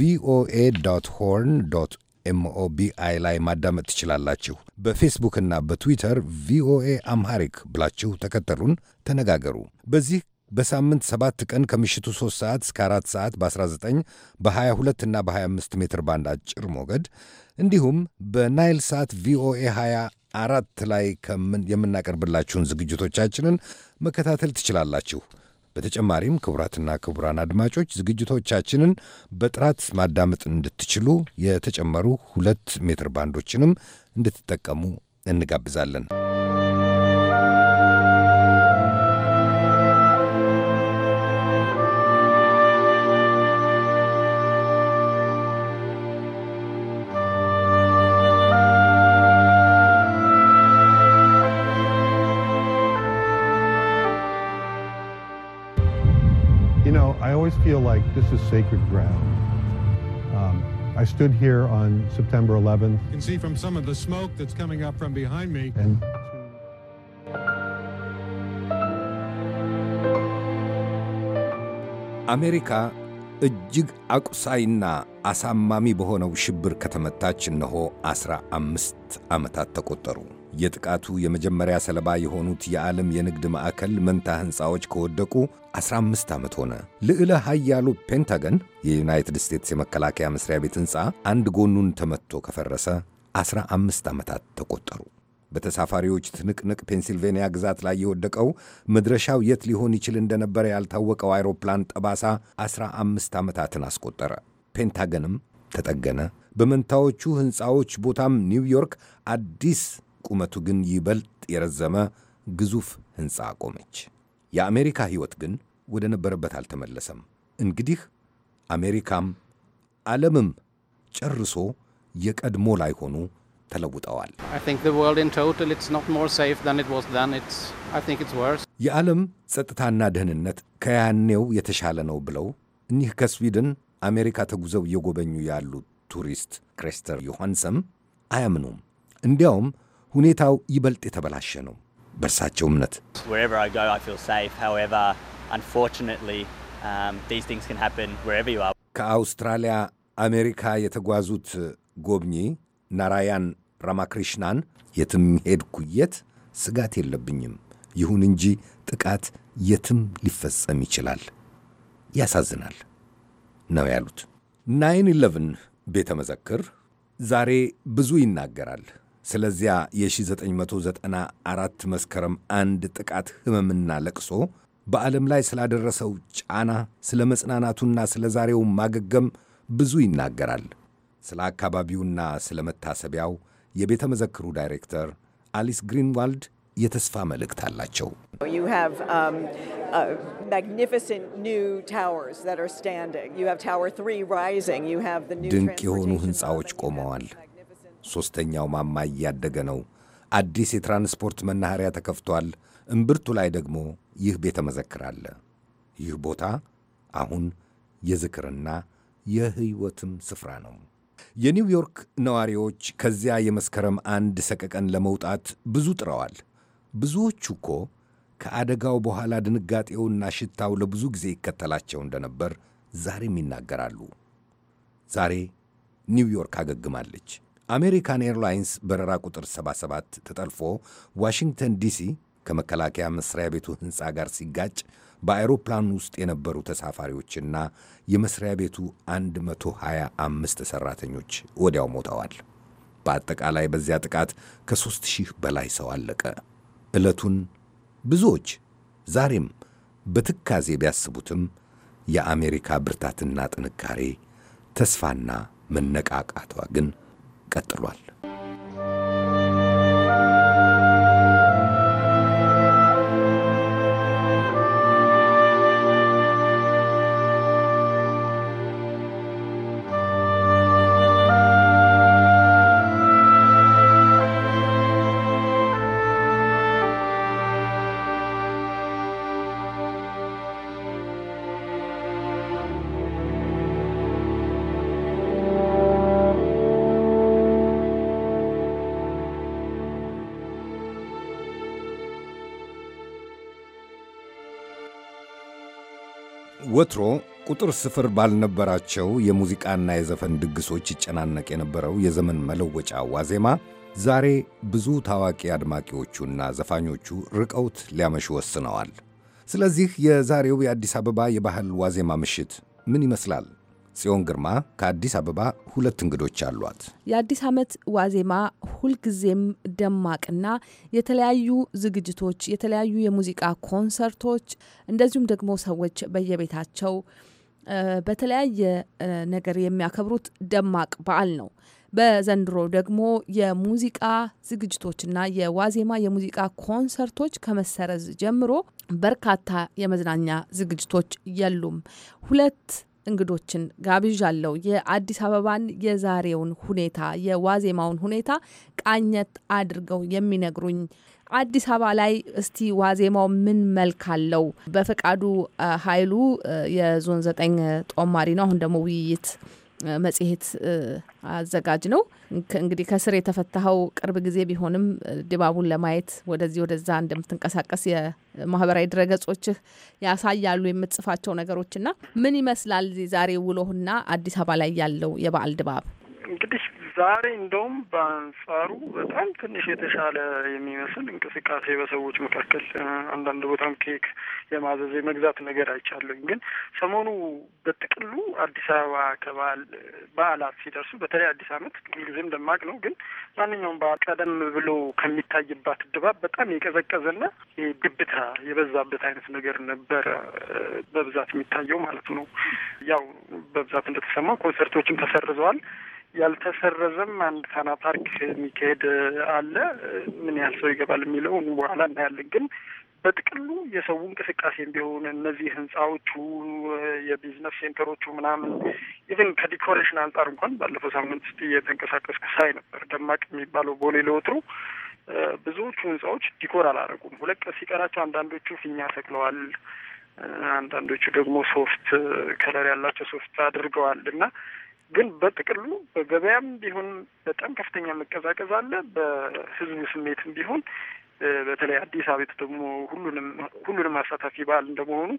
ቪኦኤ ዶት ሆርን ዶት ኤምኦቢአይ ላይ ማዳመጥ ትችላላችሁ። በፌስቡክና በትዊተር ቪኦኤ አምሃሪክ ብላችሁ ተከተሉን፣ ተነጋገሩ። በዚህ በሳምንት ሰባት ቀን ከምሽቱ 3 ሰዓት እስከ 4 ሰዓት በ19 በ22 እና በ25 ሜትር ባንድ አጭር ሞገድ እንዲሁም በናይል ሳት ቪኦኤ 24 ላይ የምናቀርብላችሁን ዝግጅቶቻችንን መከታተል ትችላላችሁ። በተጨማሪም ክቡራትና ክቡራን አድማጮች ዝግጅቶቻችንን በጥራት ማዳመጥ እንድትችሉ የተጨመሩ ሁለት ሜትር ባንዶችንም እንድትጠቀሙ እንጋብዛለን። always feel like this is sacred ground. Um, I stood here on September 11th. You can see from some of the smoke that's coming up from behind me. And አሜሪካ እጅግ አቁሳይና አሳማሚ በሆነው ሽብር ከተመታች እነሆ አስራ አምስት ዓመታት ተቆጠሩ። የጥቃቱ የመጀመሪያ ሰለባ የሆኑት የዓለም የንግድ ማዕከል መንታ ሕንፃዎች ከወደቁ 15 ዓመት ሆነ። ልዕለ ኃያሉ ፔንታገን የዩናይትድ ስቴትስ የመከላከያ መስሪያ ቤት ሕንፃ አንድ ጎኑን ተመትቶ ከፈረሰ 15 ዓመታት ተቆጠሩ። በተሳፋሪዎች ትንቅንቅ ፔንሲልቬንያ ግዛት ላይ የወደቀው መድረሻው የት ሊሆን ይችል እንደነበረ ያልታወቀው አይሮፕላን ጠባሳ 15 ዓመታትን አስቆጠረ። ፔንታገንም ተጠገነ። በመንታዎቹ ሕንፃዎች ቦታም ኒውዮርክ አዲስ ቁመቱ ግን ይበልጥ የረዘመ ግዙፍ ሕንፃ አቆመች። የአሜሪካ ሕይወት ግን ወደ ነበረበት አልተመለሰም። እንግዲህ አሜሪካም ዓለምም ጨርሶ የቀድሞ ላይሆኑ ተለውጠዋል። የዓለም ጸጥታና ደህንነት ከያኔው የተሻለ ነው ብለው እኒህ ከስዊድን አሜሪካ ተጉዘው እየጎበኙ ያሉ ቱሪስት ክሬስተር ዮሐንሰም አያምኑም። እንዲያውም ሁኔታው ይበልጥ የተበላሸ ነው። በእርሳቸው እምነት um, ከአውስትራሊያ አሜሪካ የተጓዙት ጎብኚ ናራያን ራማክሪሽናን የትም ሄድኩ የት ስጋት የለብኝም፣ ይሁን እንጂ ጥቃት የትም ሊፈጸም ይችላል፣ ያሳዝናል ነው ያሉት። ናይን ቤተ መዘክር ዛሬ ብዙ ይናገራል። ስለዚያ የ1994 መስከረም አንድ ጥቃት ህመምና ለቅሶ በዓለም ላይ ስላደረሰው ጫና፣ ስለ መጽናናቱና ስለ ዛሬው ማገገም ብዙ ይናገራል። ስለ አካባቢውና ስለ መታሰቢያው የቤተ መዘክሩ ዳይሬክተር አሊስ ግሪንዋልድ የተስፋ መልእክት አላቸው። um, uh, ድንቅ የሆኑ ሕንፃዎች ቆመዋል። ሦስተኛው ማማ እያደገ ነው። አዲስ የትራንስፖርት መናኸሪያ ተከፍቷል። እምብርቱ ላይ ደግሞ ይህ ቤተ መዘክር አለ። ይህ ቦታ አሁን የዝክርና የሕይወትም ስፍራ ነው። የኒውዮርክ ነዋሪዎች ከዚያ የመስከረም አንድ ሰቀቀን ለመውጣት ብዙ ጥረዋል። ብዙዎቹ እኮ ከአደጋው በኋላ ድንጋጤውና ሽታው ለብዙ ጊዜ ይከተላቸው እንደነበር ዛሬም ይናገራሉ። ዛሬ ኒውዮርክ አገግማለች። አሜሪካን ኤርላይንስ በረራ ቁጥር 77 ተጠልፎ ዋሽንግተን ዲሲ ከመከላከያ መስሪያ ቤቱ ሕንፃ ጋር ሲጋጭ በአይሮፕላን ውስጥ የነበሩ ተሳፋሪዎችና የመስሪያ ቤቱ 125 ሠራተኞች ወዲያው ሞተዋል። በአጠቃላይ በዚያ ጥቃት ከ ሺህ በላይ ሰው አለቀ። ዕለቱን ብዙዎች ዛሬም በትካዜ ቢያስቡትም የአሜሪካ ብርታትና ጥንካሬ ተስፋና መነቃቃቷ ግን ቀጥሏል። ወትሮ ቁጥር ስፍር ባልነበራቸው የሙዚቃና የዘፈን ድግሶች ይጨናነቅ የነበረው የዘመን መለወጫ ዋዜማ ዛሬ ብዙ ታዋቂ አድማቂዎቹና ዘፋኞቹ ርቀውት ሊያመሽ ወስነዋል። ስለዚህ የዛሬው የአዲስ አበባ የባህል ዋዜማ ምሽት ምን ይመስላል? ጽዮን ግርማ ከአዲስ አበባ ሁለት እንግዶች አሏት። የአዲስ ዓመት ዋዜማ ሁልጊዜም ደማቅና የተለያዩ ዝግጅቶች፣ የተለያዩ የሙዚቃ ኮንሰርቶች እንደዚሁም ደግሞ ሰዎች በየቤታቸው በተለያየ ነገር የሚያከብሩት ደማቅ በዓል ነው። በዘንድሮ ደግሞ የሙዚቃ ዝግጅቶችና የዋዜማ የሙዚቃ ኮንሰርቶች ከመሰረዝ ጀምሮ በርካታ የመዝናኛ ዝግጅቶች የሉም። ሁለት እንግዶችን ጋብዣለሁ። የአዲስ አበባን የዛሬውን ሁኔታ የዋዜማውን ሁኔታ ቃኘት አድርገው የሚነግሩኝ አዲስ አበባ ላይ እስቲ ዋዜማው ምን መልክ አለው? በፈቃዱ ኃይሉ የዞን ዘጠኝ ጦማሪ ነው። አሁን ደግሞ ውይይት መጽሔት አዘጋጅ ነው። እንግዲህ ከስር የተፈታኸው ቅርብ ጊዜ ቢሆንም ድባቡን ለማየት ወደዚህ ወደዛ እንደምትንቀሳቀስ የማህበራዊ ድረገጾችህ ያሳያሉ። የምትጽፋቸው ነገሮችና ምን ይመስላል ዛሬ ውሎህና አዲስ አበባ ላይ ያለው የበዓል ድባብ? እንግዲህ ዛሬ እንደውም በአንጻሩ በጣም ትንሽ የተሻለ የሚመስል እንቅስቃሴ በሰዎች መካከል አንዳንድ ቦታም ኬክ የማዘዝ የመግዛት ነገር አይቻለኝ። ግን ሰሞኑ በጥቅሉ አዲስ አበባ ከበዓል በዓላት ሲደርሱ በተለይ አዲስ ዓመት ጊዜም ደማቅ ነው። ግን ማንኛውም በዓል ቀደም ብሎ ከሚታይባት ድባብ በጣም የቀዘቀዘና ድብታ የበዛበት አይነት ነገር ነበረ በብዛት የሚታየው ማለት ነው። ያው በብዛት እንደተሰማው ኮንሰርቶችም ተሰርዘዋል። ያልተሰረዘም አንድ ሳና ፓርክ የሚካሄድ አለ። ምን ያህል ሰው ይገባል የሚለውን በኋላ እናያለን። ግን በጥቅሉ የሰው እንቅስቃሴ እንዲሆን እነዚህ ህንፃዎቹ፣ የቢዝነስ ሴንተሮቹ ምናምን ኢቨን ከዲኮሬሽን አንጻር እንኳን ባለፈው ሳምንት ውስጥ እየተንቀሳቀስኩ ሳይ ነበር። ደማቅ የሚባለው ቦሌ ለወትሮ ብዙዎቹ ህንፃዎች ዲኮር አላረጉም። ሁለት ቀን ሲቀራቸው አንዳንዶቹ ፊኛ ተክለዋል። አንዳንዶቹ ደግሞ ሶፍት ከለር ያላቸው ሶፍት አድርገዋል እና ግን በጥቅሉ በገበያም ቢሆን በጣም ከፍተኛ መቀዛቀዝ አለ። በህዝቡ ስሜትም ቢሆን በተለይ አዲስ አበባ ደግሞ ሁሉንም ሁሉንም አሳታፊ በዓል እንደመሆኑ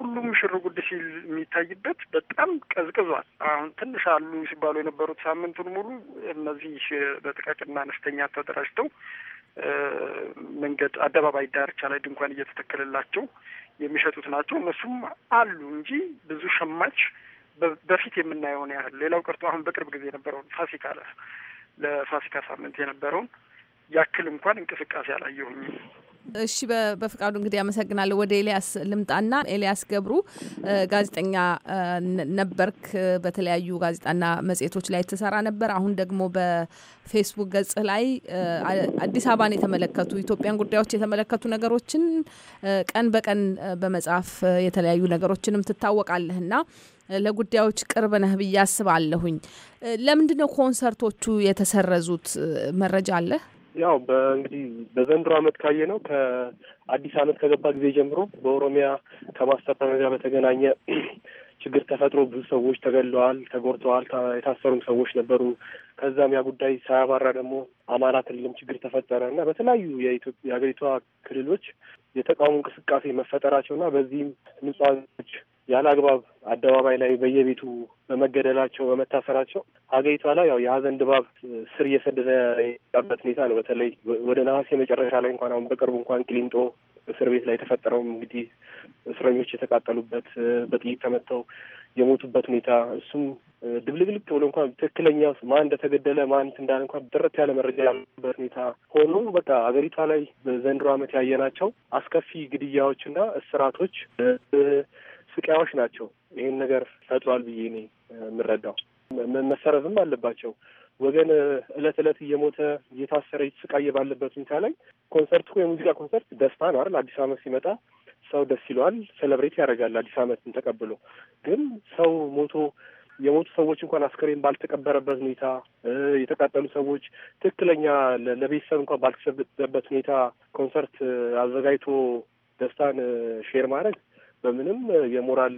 ሁሉም ሽር ጉድ ሲል የሚታይበት በጣም ቀዝቅዟል። አሁን ትንሽ አሉ ሲባሉ የነበሩት ሳምንቱን ሙሉ እነዚህ በጥቃቅንና አነስተኛ ተደራጅተው መንገድ አደባባይ ዳርቻ ላይ ድንኳን እየተተከለላቸው የሚሸጡት ናቸው። እነሱም አሉ እንጂ ብዙ ሸማች በፊት የምናየውን ያህል ሌላው ቀርቶ አሁን በቅርብ ጊዜ የነበረውን ፋሲካ ለፋሲካ ሳምንት የነበረውን ያክል እንኳን እንቅስቃሴ አላየሁኝም። እሺ በፍቃዱ እንግዲህ አመሰግናለሁ። ወደ ኤልያስ ልምጣና ኤልያስ ገብሩ ጋዜጠኛ ነበርክ፣ በተለያዩ ጋዜጣና መጽሔቶች ላይ ትሰራ ነበር። አሁን ደግሞ በፌስቡክ ገጽ ላይ አዲስ አበባን የተመለከቱ ኢትዮጵያን ጉዳዮች የተመለከቱ ነገሮችን ቀን በቀን በመጻፍ የተለያዩ ነገሮችንም ትታወቃለህና ለጉዳዮች ቅርብ ነህ ብዬ አስባለሁኝ። ለምንድነው ነው ኮንሰርቶቹ የተሰረዙት? መረጃ አለ? ያው እንግዲህ በዘንድሮ ዓመት ካየ ነው ከአዲስ ዓመት ከገባ ጊዜ ጀምሮ በኦሮሚያ ከማስተር ጋር በተገናኘ ችግር ተፈጥሮ ብዙ ሰዎች ተገለዋል ተጎድተዋል፣ የታሰሩም ሰዎች ነበሩ። ከዛም ያ ጉዳይ ሳያባራ ደግሞ አማራ ክልልም ችግር ተፈጠረ እና በተለያዩ የሀገሪቷ ክልሎች የተቃውሞ እንቅስቃሴ መፈጠራቸውና በዚህም ንጹሃኖች ያለ አግባብ አደባባይ ላይ በየቤቱ በመገደላቸው በመታሰራቸው ሀገሪቷ ላይ ያው የሀዘን ድባብ ስር እየሰደደ ያበት ሁኔታ ነው። በተለይ ወደ ነሐሴ መጨረሻ ላይ እንኳን አሁን በቅርቡ እንኳን ቅሊንጦ እስር ቤት ላይ የተፈጠረውም እንግዲህ እስረኞች የተቃጠሉበት በጥይት ተመተው የሞቱበት ሁኔታ እሱም ድብልቅልቅ ብሎ እንኳን ትክክለኛ ማን እንደተገደለ ማን እንዳለ እንኳን ድረት ያለ መረጃ ያለበት ሁኔታ ሆኖ በቃ ሀገሪቷ ላይ በዘንድሮ ዓመት ያየናቸው አስከፊ ግድያዎችና እስራቶች ስቃዮች ናቸው። ይህን ነገር ፈጥሯል ብዬ እኔ የምረዳው መሰረዝም አለባቸው። ወገን እለት እለት እየሞተ እየታሰረ ስቃየ ባለበት ሁኔታ ላይ ኮንሰርት እኮ የሙዚቃ ኮንሰርት ደስታ ነው አይደል? አዲስ ዓመት ሲመጣ ሰው ደስ ይለዋል፣ ሴሌብሬት ያደርጋል አዲስ አመትን ተቀብሎ። ግን ሰው ሞቶ የሞቱ ሰዎች እንኳን አስከሬን ባልተቀበረበት ሁኔታ፣ የተቃጠሉ ሰዎች ትክክለኛ ለቤተሰብ እንኳን ባልተሰበበት ሁኔታ ኮንሰርት አዘጋጅቶ ደስታን ሼር ማድረግ በምንም የሞራል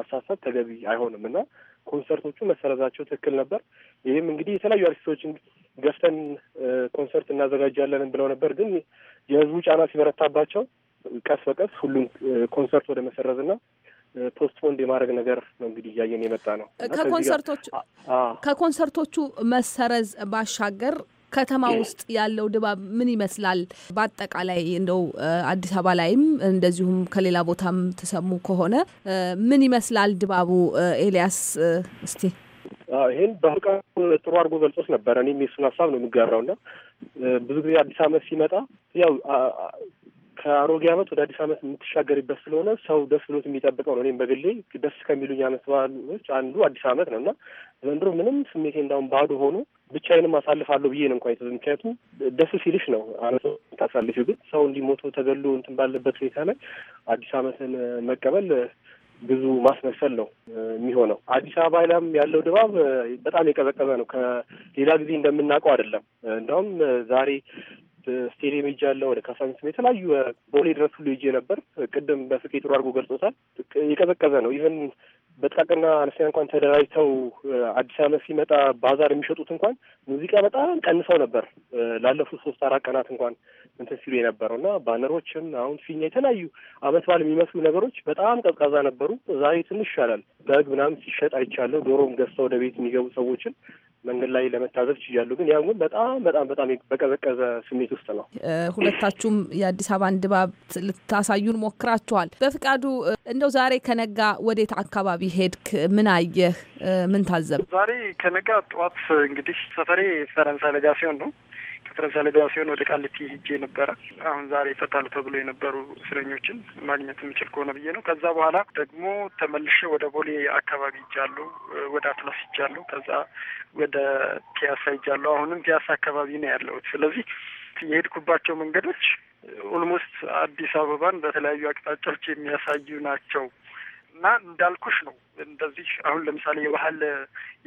አሳሳብ ተገቢ አይሆንም እና ኮንሰርቶቹ መሰረዛቸው ትክክል ነበር። ይህም እንግዲህ የተለያዩ አርቲስቶችን ገፍተን ኮንሰርት እናዘጋጃለን ብለው ነበር፣ ግን የህዝቡ ጫና ሲበረታባቸው ቀስ በቀስ ሁሉም ኮንሰርት ወደ መሰረዝ እና ፖስትፖንድ የማድረግ ነገር ነው እንግዲህ እያየን የመጣ ነው። ከኮንሰርቶቹ ከኮንሰርቶቹ መሰረዝ ባሻገር ከተማ ውስጥ ያለው ድባብ ምን ይመስላል? በአጠቃላይ እንደው አዲስ አበባ ላይም እንደዚሁም ከሌላ ቦታም ተሰሙ ከሆነ ምን ይመስላል ድባቡ? ኤልያስ እስቲ ይህን በፍቃድ ጥሩ አድርጎ ገልጾት ነበረ። እኔም የሱን ሀሳብ ነው የምጋራው እና ብዙ ጊዜ አዲስ ዓመት ሲመጣ ያው ከአሮጌ ዓመት ወደ አዲስ ዓመት የምትሻገርበት ስለሆነ ሰው ደስ ብሎት የሚጠብቀው ነው። እኔም በግሌ ደስ ከሚሉኝ አመት በዓሎች አንዱ አዲስ ዓመት ነው እና ዘንድሮ ምንም ስሜቴ እንዳሁን ባዶ ሆኖ ብቻዬንም አሳልፋለሁ ብዬ ነው እንኳ የተዘ ምክንያቱም ደስ ሲልሽ ነው አመት ግን ሰው እንዲሞቶ ተገሎ እንትን ባለበት ሁኔታ ላይ አዲስ ዓመትን መቀበል ብዙ ማስመሰል ነው የሚሆነው። አዲስ አበባ ላም ያለው ድባብ በጣም የቀዘቀዘ ነው። ከሌላ ጊዜ እንደምናውቀው አይደለም። እንደውም ዛሬ ስቴዲየም ሄጃለሁ፣ ወደ ካሳንስም የተለያዩ ቦሌ ድረስ ሁሉ ሄጄ ነበር። ቅድም በፍቄ ጥሩ አድርጎ ገልጾታል። የቀዘቀዘ ነው። ኢቨን በጥቃቅና አነስተኛ እንኳን ተደራጅተው አዲስ ዓመት ሲመጣ ባዛር የሚሸጡት እንኳን ሙዚቃ በጣም ቀንሰው ነበር ላለፉት ሶስት አራት ቀናት እንኳን እንትን ሲሉ የነበረው እና ባነሮችን አሁን ፊኛ የተለያዩ አመት በዓል የሚመስሉ ነገሮች በጣም ቀዝቃዛ ነበሩ። ዛሬ ትንሽ ይሻላል። በግ ምናምን ሲሸጥ አይቻለሁ። ዶሮም ገዝተው ወደ ቤት የሚገቡ ሰዎችን መንገድ ላይ ለመታዘብ ችያሉ። ግን ያ ግን በጣም በጣም በጣም በቀዘቀዘ ስሜት ውስጥ ነው። ሁለታችሁም የአዲስ አበባን ድባብ ልታሳዩን ሞክራችኋል። በፍቃዱ እንደው ዛሬ ከነጋ ወዴት አካባቢ ሄድክ? ምን አየህ? ምን ታዘብ? ዛሬ ከነጋ ጠዋት እንግዲህ ሰፈሬ ፈረንሳይ ለጋ ሲሆን ነው ከዛ ለገባ ሲሆን ወደ ቃሊቲ ሄጄ ነበረ። አሁን ዛሬ ይፈታሉ ተብሎ የነበሩ እስረኞችን ማግኘት የምችል ከሆነ ብዬ ነው። ከዛ በኋላ ደግሞ ተመልሼ ወደ ቦሌ አካባቢ ይጃለሁ፣ ወደ አትላስ ይጃለሁ፣ ከዛ ወደ ፒያሳ ይጃለሁ። አሁንም ፒያሳ አካባቢ ነው ያለሁት። ስለዚህ የሄድኩባቸው መንገዶች ኦልሞስት አዲስ አበባን በተለያዩ አቅጣጫዎች የሚያሳዩ ናቸው እና እንዳልኩሽ ነው እንደዚህ አሁን ለምሳሌ የባህል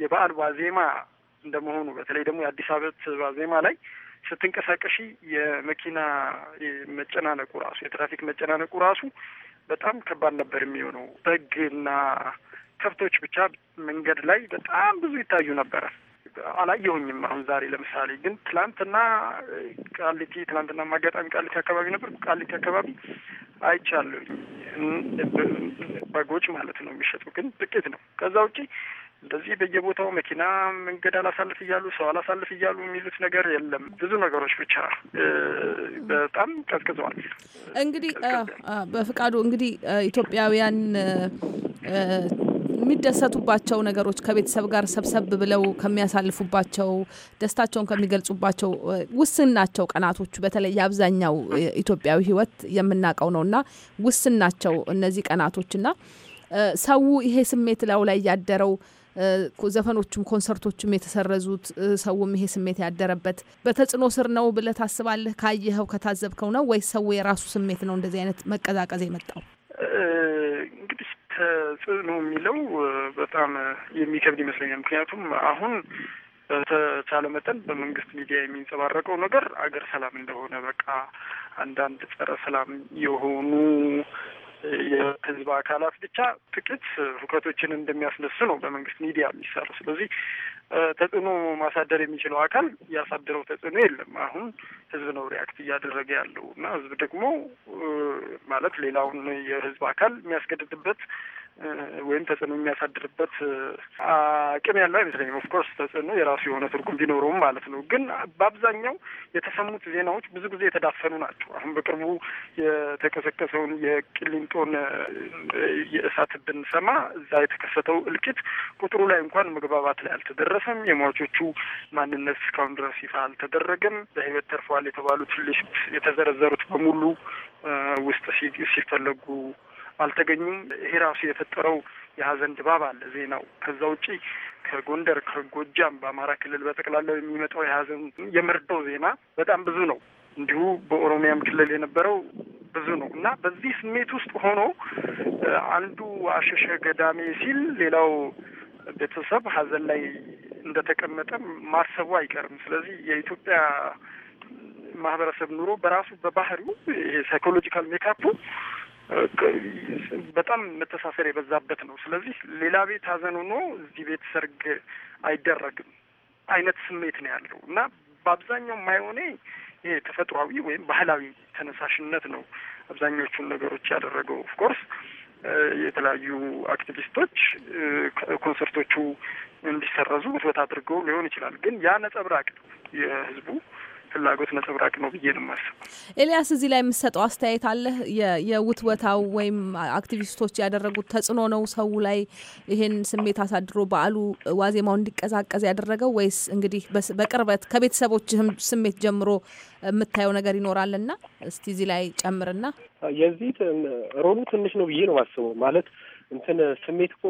የበዓል ዋዜማ እንደመሆኑ በተለይ ደግሞ የአዲስ አበት ዋዜማ ላይ ስትንቀሳቀሺ የመኪና መጨናነቁ ራሱ የትራፊክ መጨናነቁ ራሱ በጣም ከባድ ነበር የሚሆነው። በግና ከብቶች ብቻ መንገድ ላይ በጣም ብዙ ይታዩ ነበረ። አላየሁኝም አሁን ዛሬ ለምሳሌ ግን ትላንትና ቃሊቲ ትላንትና ማጋጣሚ ቃሊቲ አካባቢ ነበር። ቃሊቲ አካባቢ አይቻለሁ በጎች ማለት ነው የሚሸጡ ግን ጥቂት ነው። ከዛ ውጪ እንደዚህ በየቦታው መኪና መንገድ አላሳልፍ እያሉ ሰው አላሳልፍ እያሉ የሚሉት ነገር የለም። ብዙ ነገሮች ብቻ በጣም ቀዝቅዘዋል። እንግዲህ በፍቃዱ እንግዲህ ኢትዮጵያውያን የሚደሰቱባቸው ነገሮች ከቤተሰብ ጋር ሰብሰብ ብለው ከሚያሳልፉባቸው ደስታቸውን ከሚገልጹባቸው ውስን ናቸው ቀናቶቹ። በተለይ የአብዛኛው ኢትዮጵያዊ ሕይወት የምናውቀው እና ውስን ናቸው እነዚህ ቀናቶችና ሰው ይሄ ስሜት ላው ላይ ያደረው ዘፈኖችም ኮንሰርቶችም የተሰረዙት ሰውም ይሄ ስሜት ያደረበት በተጽዕኖ ስር ነው ብለህ ታስባለህ? ካየኸው ከታዘብከው ነው ወይ ሰው የራሱ ስሜት ነው እንደዚህ አይነት መቀዛቀዝ የመጣው? እንግዲህ ተጽዕኖ የሚለው በጣም የሚከብድ ይመስለኛል። ምክንያቱም አሁን በተቻለ መጠን በመንግስት ሚዲያ የሚንጸባረቀው ነገር አገር ሰላም እንደሆነ በቃ አንዳንድ ጸረ ሰላም የሆኑ የህዝብ አካላት ብቻ ጥቂት ሁከቶችን እንደሚያስነሱ ነው በመንግስት ሚዲያ የሚሰራው። ስለዚህ ተጽዕኖ ማሳደር የሚችለው አካል ያሳደረው ተጽዕኖ የለም። አሁን ህዝብ ነው ሪያክት እያደረገ ያለው እና ህዝብ ደግሞ ማለት ሌላውን የህዝብ አካል የሚያስገድድበት ወይም ተጽዕኖ የሚያሳድርበት አቅም ያለው አይመስለኝም። ኦፍኮርስ ተጽዕኖ የራሱ የሆነ ትርጉም ቢኖረውም ማለት ነው። ግን በአብዛኛው የተሰሙት ዜናዎች ብዙ ጊዜ የተዳፈኑ ናቸው። አሁን በቅርቡ የተቀሰቀሰውን የቅሊንጦን የእሳት ብንሰማ እዛ የተከሰተው እልቂት ቁጥሩ ላይ እንኳን መግባባት ላይ አልተደረሰም። የሟቾቹ ማንነት እስካሁን ድረስ ይፋ አልተደረገም። በህይወት ተርፈዋል የተባሉት ሊስት የተዘረዘሩት በሙሉ ውስጥ ሲፈለጉ አልተገኙም። ይሄ ራሱ የፈጠረው የሀዘን ድባብ አለ ዜናው። ከዛ ውጪ ከጎንደር ከጎጃም፣ በአማራ ክልል በጠቅላላው የሚመጣው የሀዘን የመርዶ ዜና በጣም ብዙ ነው። እንዲሁ በኦሮሚያም ክልል የነበረው ብዙ ነው እና በዚህ ስሜት ውስጥ ሆኖ አንዱ አሸሸ ገዳሜ ሲል ሌላው ቤተሰብ ሀዘን ላይ እንደተቀመጠ ማሰቡ አይቀርም። ስለዚህ የኢትዮጵያ ማህበረሰብ ኑሮ በራሱ በባህሪው ይሄ ሳይኮሎጂካል ሜካፑ በጣም መተሳሰር የበዛበት ነው። ስለዚህ ሌላ ቤት ሀዘን ሆኖ እዚህ ቤት ሰርግ አይደረግም አይነት ስሜት ነው ያለው እና በአብዛኛው ማይሆኔ ይሄ ተፈጥሯዊ ወይም ባህላዊ ተነሳሽነት ነው አብዛኞቹን ነገሮች ያደረገው። ኦፍኮርስ የተለያዩ አክቲቪስቶች ኮንሰርቶቹ እንዲሰረዙ ውትወት አድርገው ሊሆን ይችላል። ግን ያ ነጸብራቅ የህዝቡ ፍላጎት ነጸብራቅ ነው ብዬ ነው የማስበው። ኤልያስ፣ እዚህ ላይ የምትሰጠው አስተያየት አለህ? የውትወታው ወይም አክቲቪስቶች ያደረጉት ተጽዕኖ ነው ሰው ላይ ይህን ስሜት አሳድሮ በዓሉ ዋዜማው እንዲቀዛቀዝ ያደረገው ወይስ እንግዲህ በቅርበት ከቤተሰቦችህም ስሜት ጀምሮ የምታየው ነገር ይኖራልና እስቲ እዚህ ላይ ጨምርና የዚህ ሮሉ ትንሽ ነው ብዬ ነው ማስበው ማለት እንትን ስሜት እኮ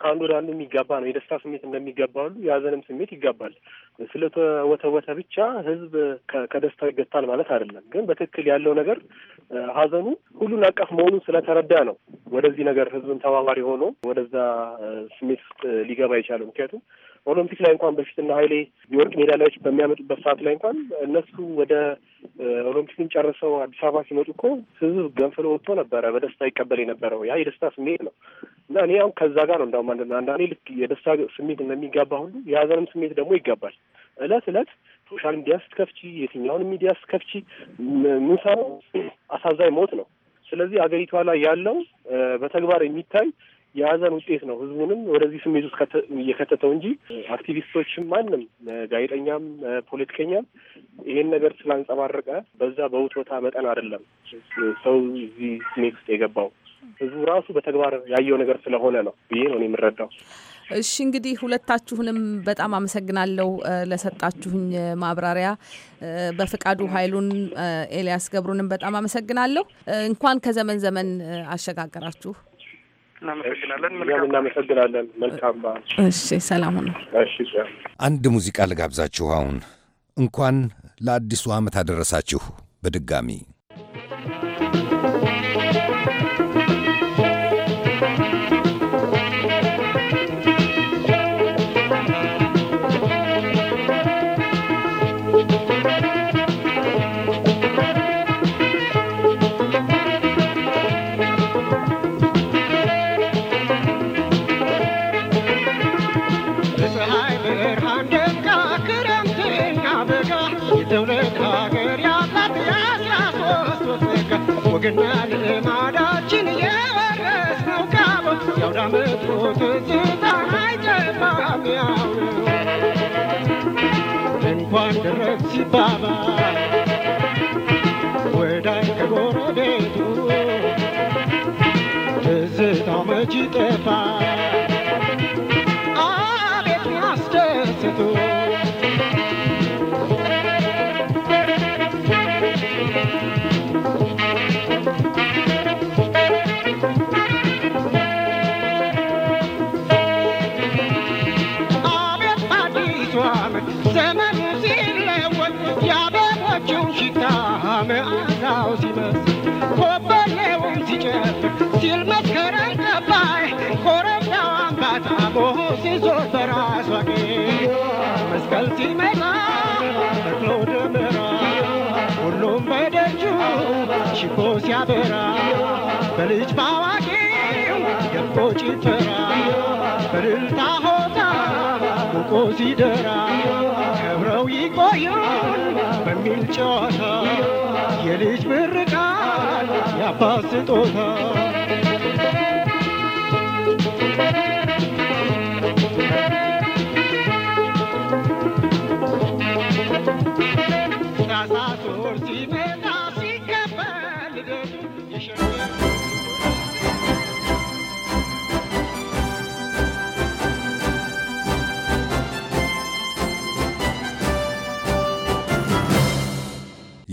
ከአንዱ ወደ አንዱ የሚጋባ ነው። የደስታ ስሜት እንደሚገባ ሁሉ የሀዘንም ስሜት ይጋባል። ስለተወተወተ ብቻ ህዝብ ከደስታው ይገታል ማለት አይደለም። ግን በትክክል ያለው ነገር ሀዘኑ ሁሉን አቀፍ መሆኑን ስለተረዳ ነው ወደዚህ ነገር ህዝብን ተባባሪ ሆኖ ወደዛ ስሜት ውስጥ ሊገባ የቻለው ምክንያቱም ኦሎምፒክ ላይ እንኳን በፊትና ኃይሌ የወርቅ ሜዳሊያዎች በሚያመጡበት ሰዓት ላይ እንኳን እነሱ ወደ ኦሎምፒክን ጨርሰው አዲስ አበባ ሲመጡ እኮ ህዝብ ገንፍሎ ወጥቶ ነበረ በደስታ ይቀበል የነበረው። ያ የደስታ ስሜት ነው እና እኔ ያው ከዛ ጋር ነው እንዳውም አንዳንዴ ልክ የደስታ ስሜት እንደሚጋባ ሁሉ የሀዘንም ስሜት ደግሞ ይጋባል። እለት እለት ሶሻል ሚዲያ ስትከፍቺ፣ የትኛውን ሚዲያ ስትከፍቺ የምንሰራው አሳዛኝ ሞት ነው። ስለዚህ አገሪቷ ላይ ያለው በተግባር የሚታይ የሀዘን ውጤት ነው። ህዝቡንም ወደዚህ ስሜት ውስጥ እየከተተው እንጂ አክቲቪስቶችም፣ ማንም ጋዜጠኛም፣ ፖለቲከኛም ይሄን ነገር ስላንጸባረቀ በዛ በውቶታ መጠን አይደለም ሰው እዚህ ስሜት ውስጥ የገባው ህዝቡ ራሱ በተግባር ያየው ነገር ስለሆነ ነው ብዬ ነው የምረዳው። እሺ እንግዲህ ሁለታችሁንም በጣም አመሰግናለሁ ለሰጣችሁኝ ማብራሪያ። በፍቃዱ ኃይሉን ኤልያስ ገብሩንም በጣም አመሰግናለሁ። እንኳን ከዘመን ዘመን አሸጋገራችሁ። እናመሰግናለን። እናመሰግናለን። መልካም በዓል። እሺ፣ ሰላሙ ነው። እሺ፣ አንድ ሙዚቃ ልጋብዛችሁ። አሁን እንኳን ለአዲሱ ዓመት አደረሳችሁ በድጋሚ Thank you. ወግና ልማዳችን የወረስነው ካቦ ትዝታ አይጠፋም ያው እንኳን ደረስ ሲባባል ወዳጅ ከጎረቤቱ ትዝታው መች ይጠፋል አቤት መዓዛው ሲበስ ኮበሌውን ሲጨፍር ሲል መስከረም ጠባይ ኮረብታው አምባታ ሞሆ ሲዞር በራሱ መስቀል ሲመጣ ተክሎ ደመራ ሁሉም በደጁ ሽቦ ሲያበራ በልጅ ባዋቂ ደቦ ጭፈራ በድልታ ሆታ ሞቆ ሲደራ ከብረው ይቆዩን በሚል ጨዋታ የልጅ ምርቃት የአባት ስጦታ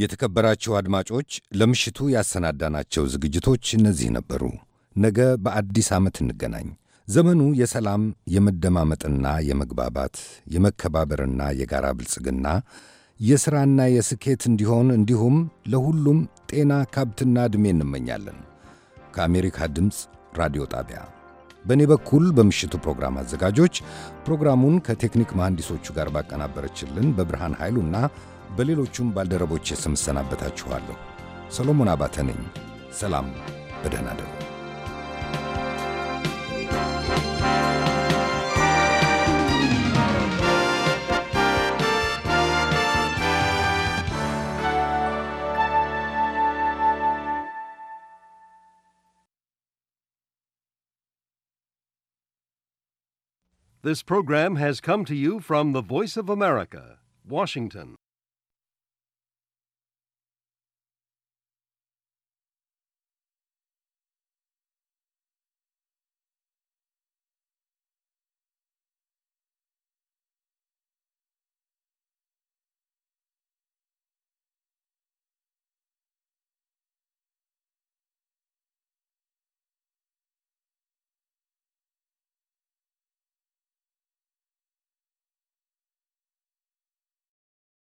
የተከበራችሁ አድማጮች ለምሽቱ ያሰናዳናቸው ዝግጅቶች እነዚህ ነበሩ። ነገ በአዲስ ዓመት እንገናኝ። ዘመኑ የሰላም የመደማመጥና የመግባባት የመከባበርና የጋራ ብልጽግና የሥራና የስኬት እንዲሆን እንዲሁም ለሁሉም ጤና፣ ካብትና ዕድሜ እንመኛለን። ከአሜሪካ ድምፅ ራዲዮ ጣቢያ በእኔ በኩል በምሽቱ ፕሮግራም አዘጋጆች ፕሮግራሙን ከቴክኒክ መሐንዲሶቹ ጋር ባቀናበረችልን በብርሃን ኃይሉና በሌሎቹም ባልደረቦች ስም ሰናበታችኋለሁ። ሰሎሞን አባተ ነኝ። ሰላም፣ በደህና ደሩ። This program has come to you from the Voice of America, Washington.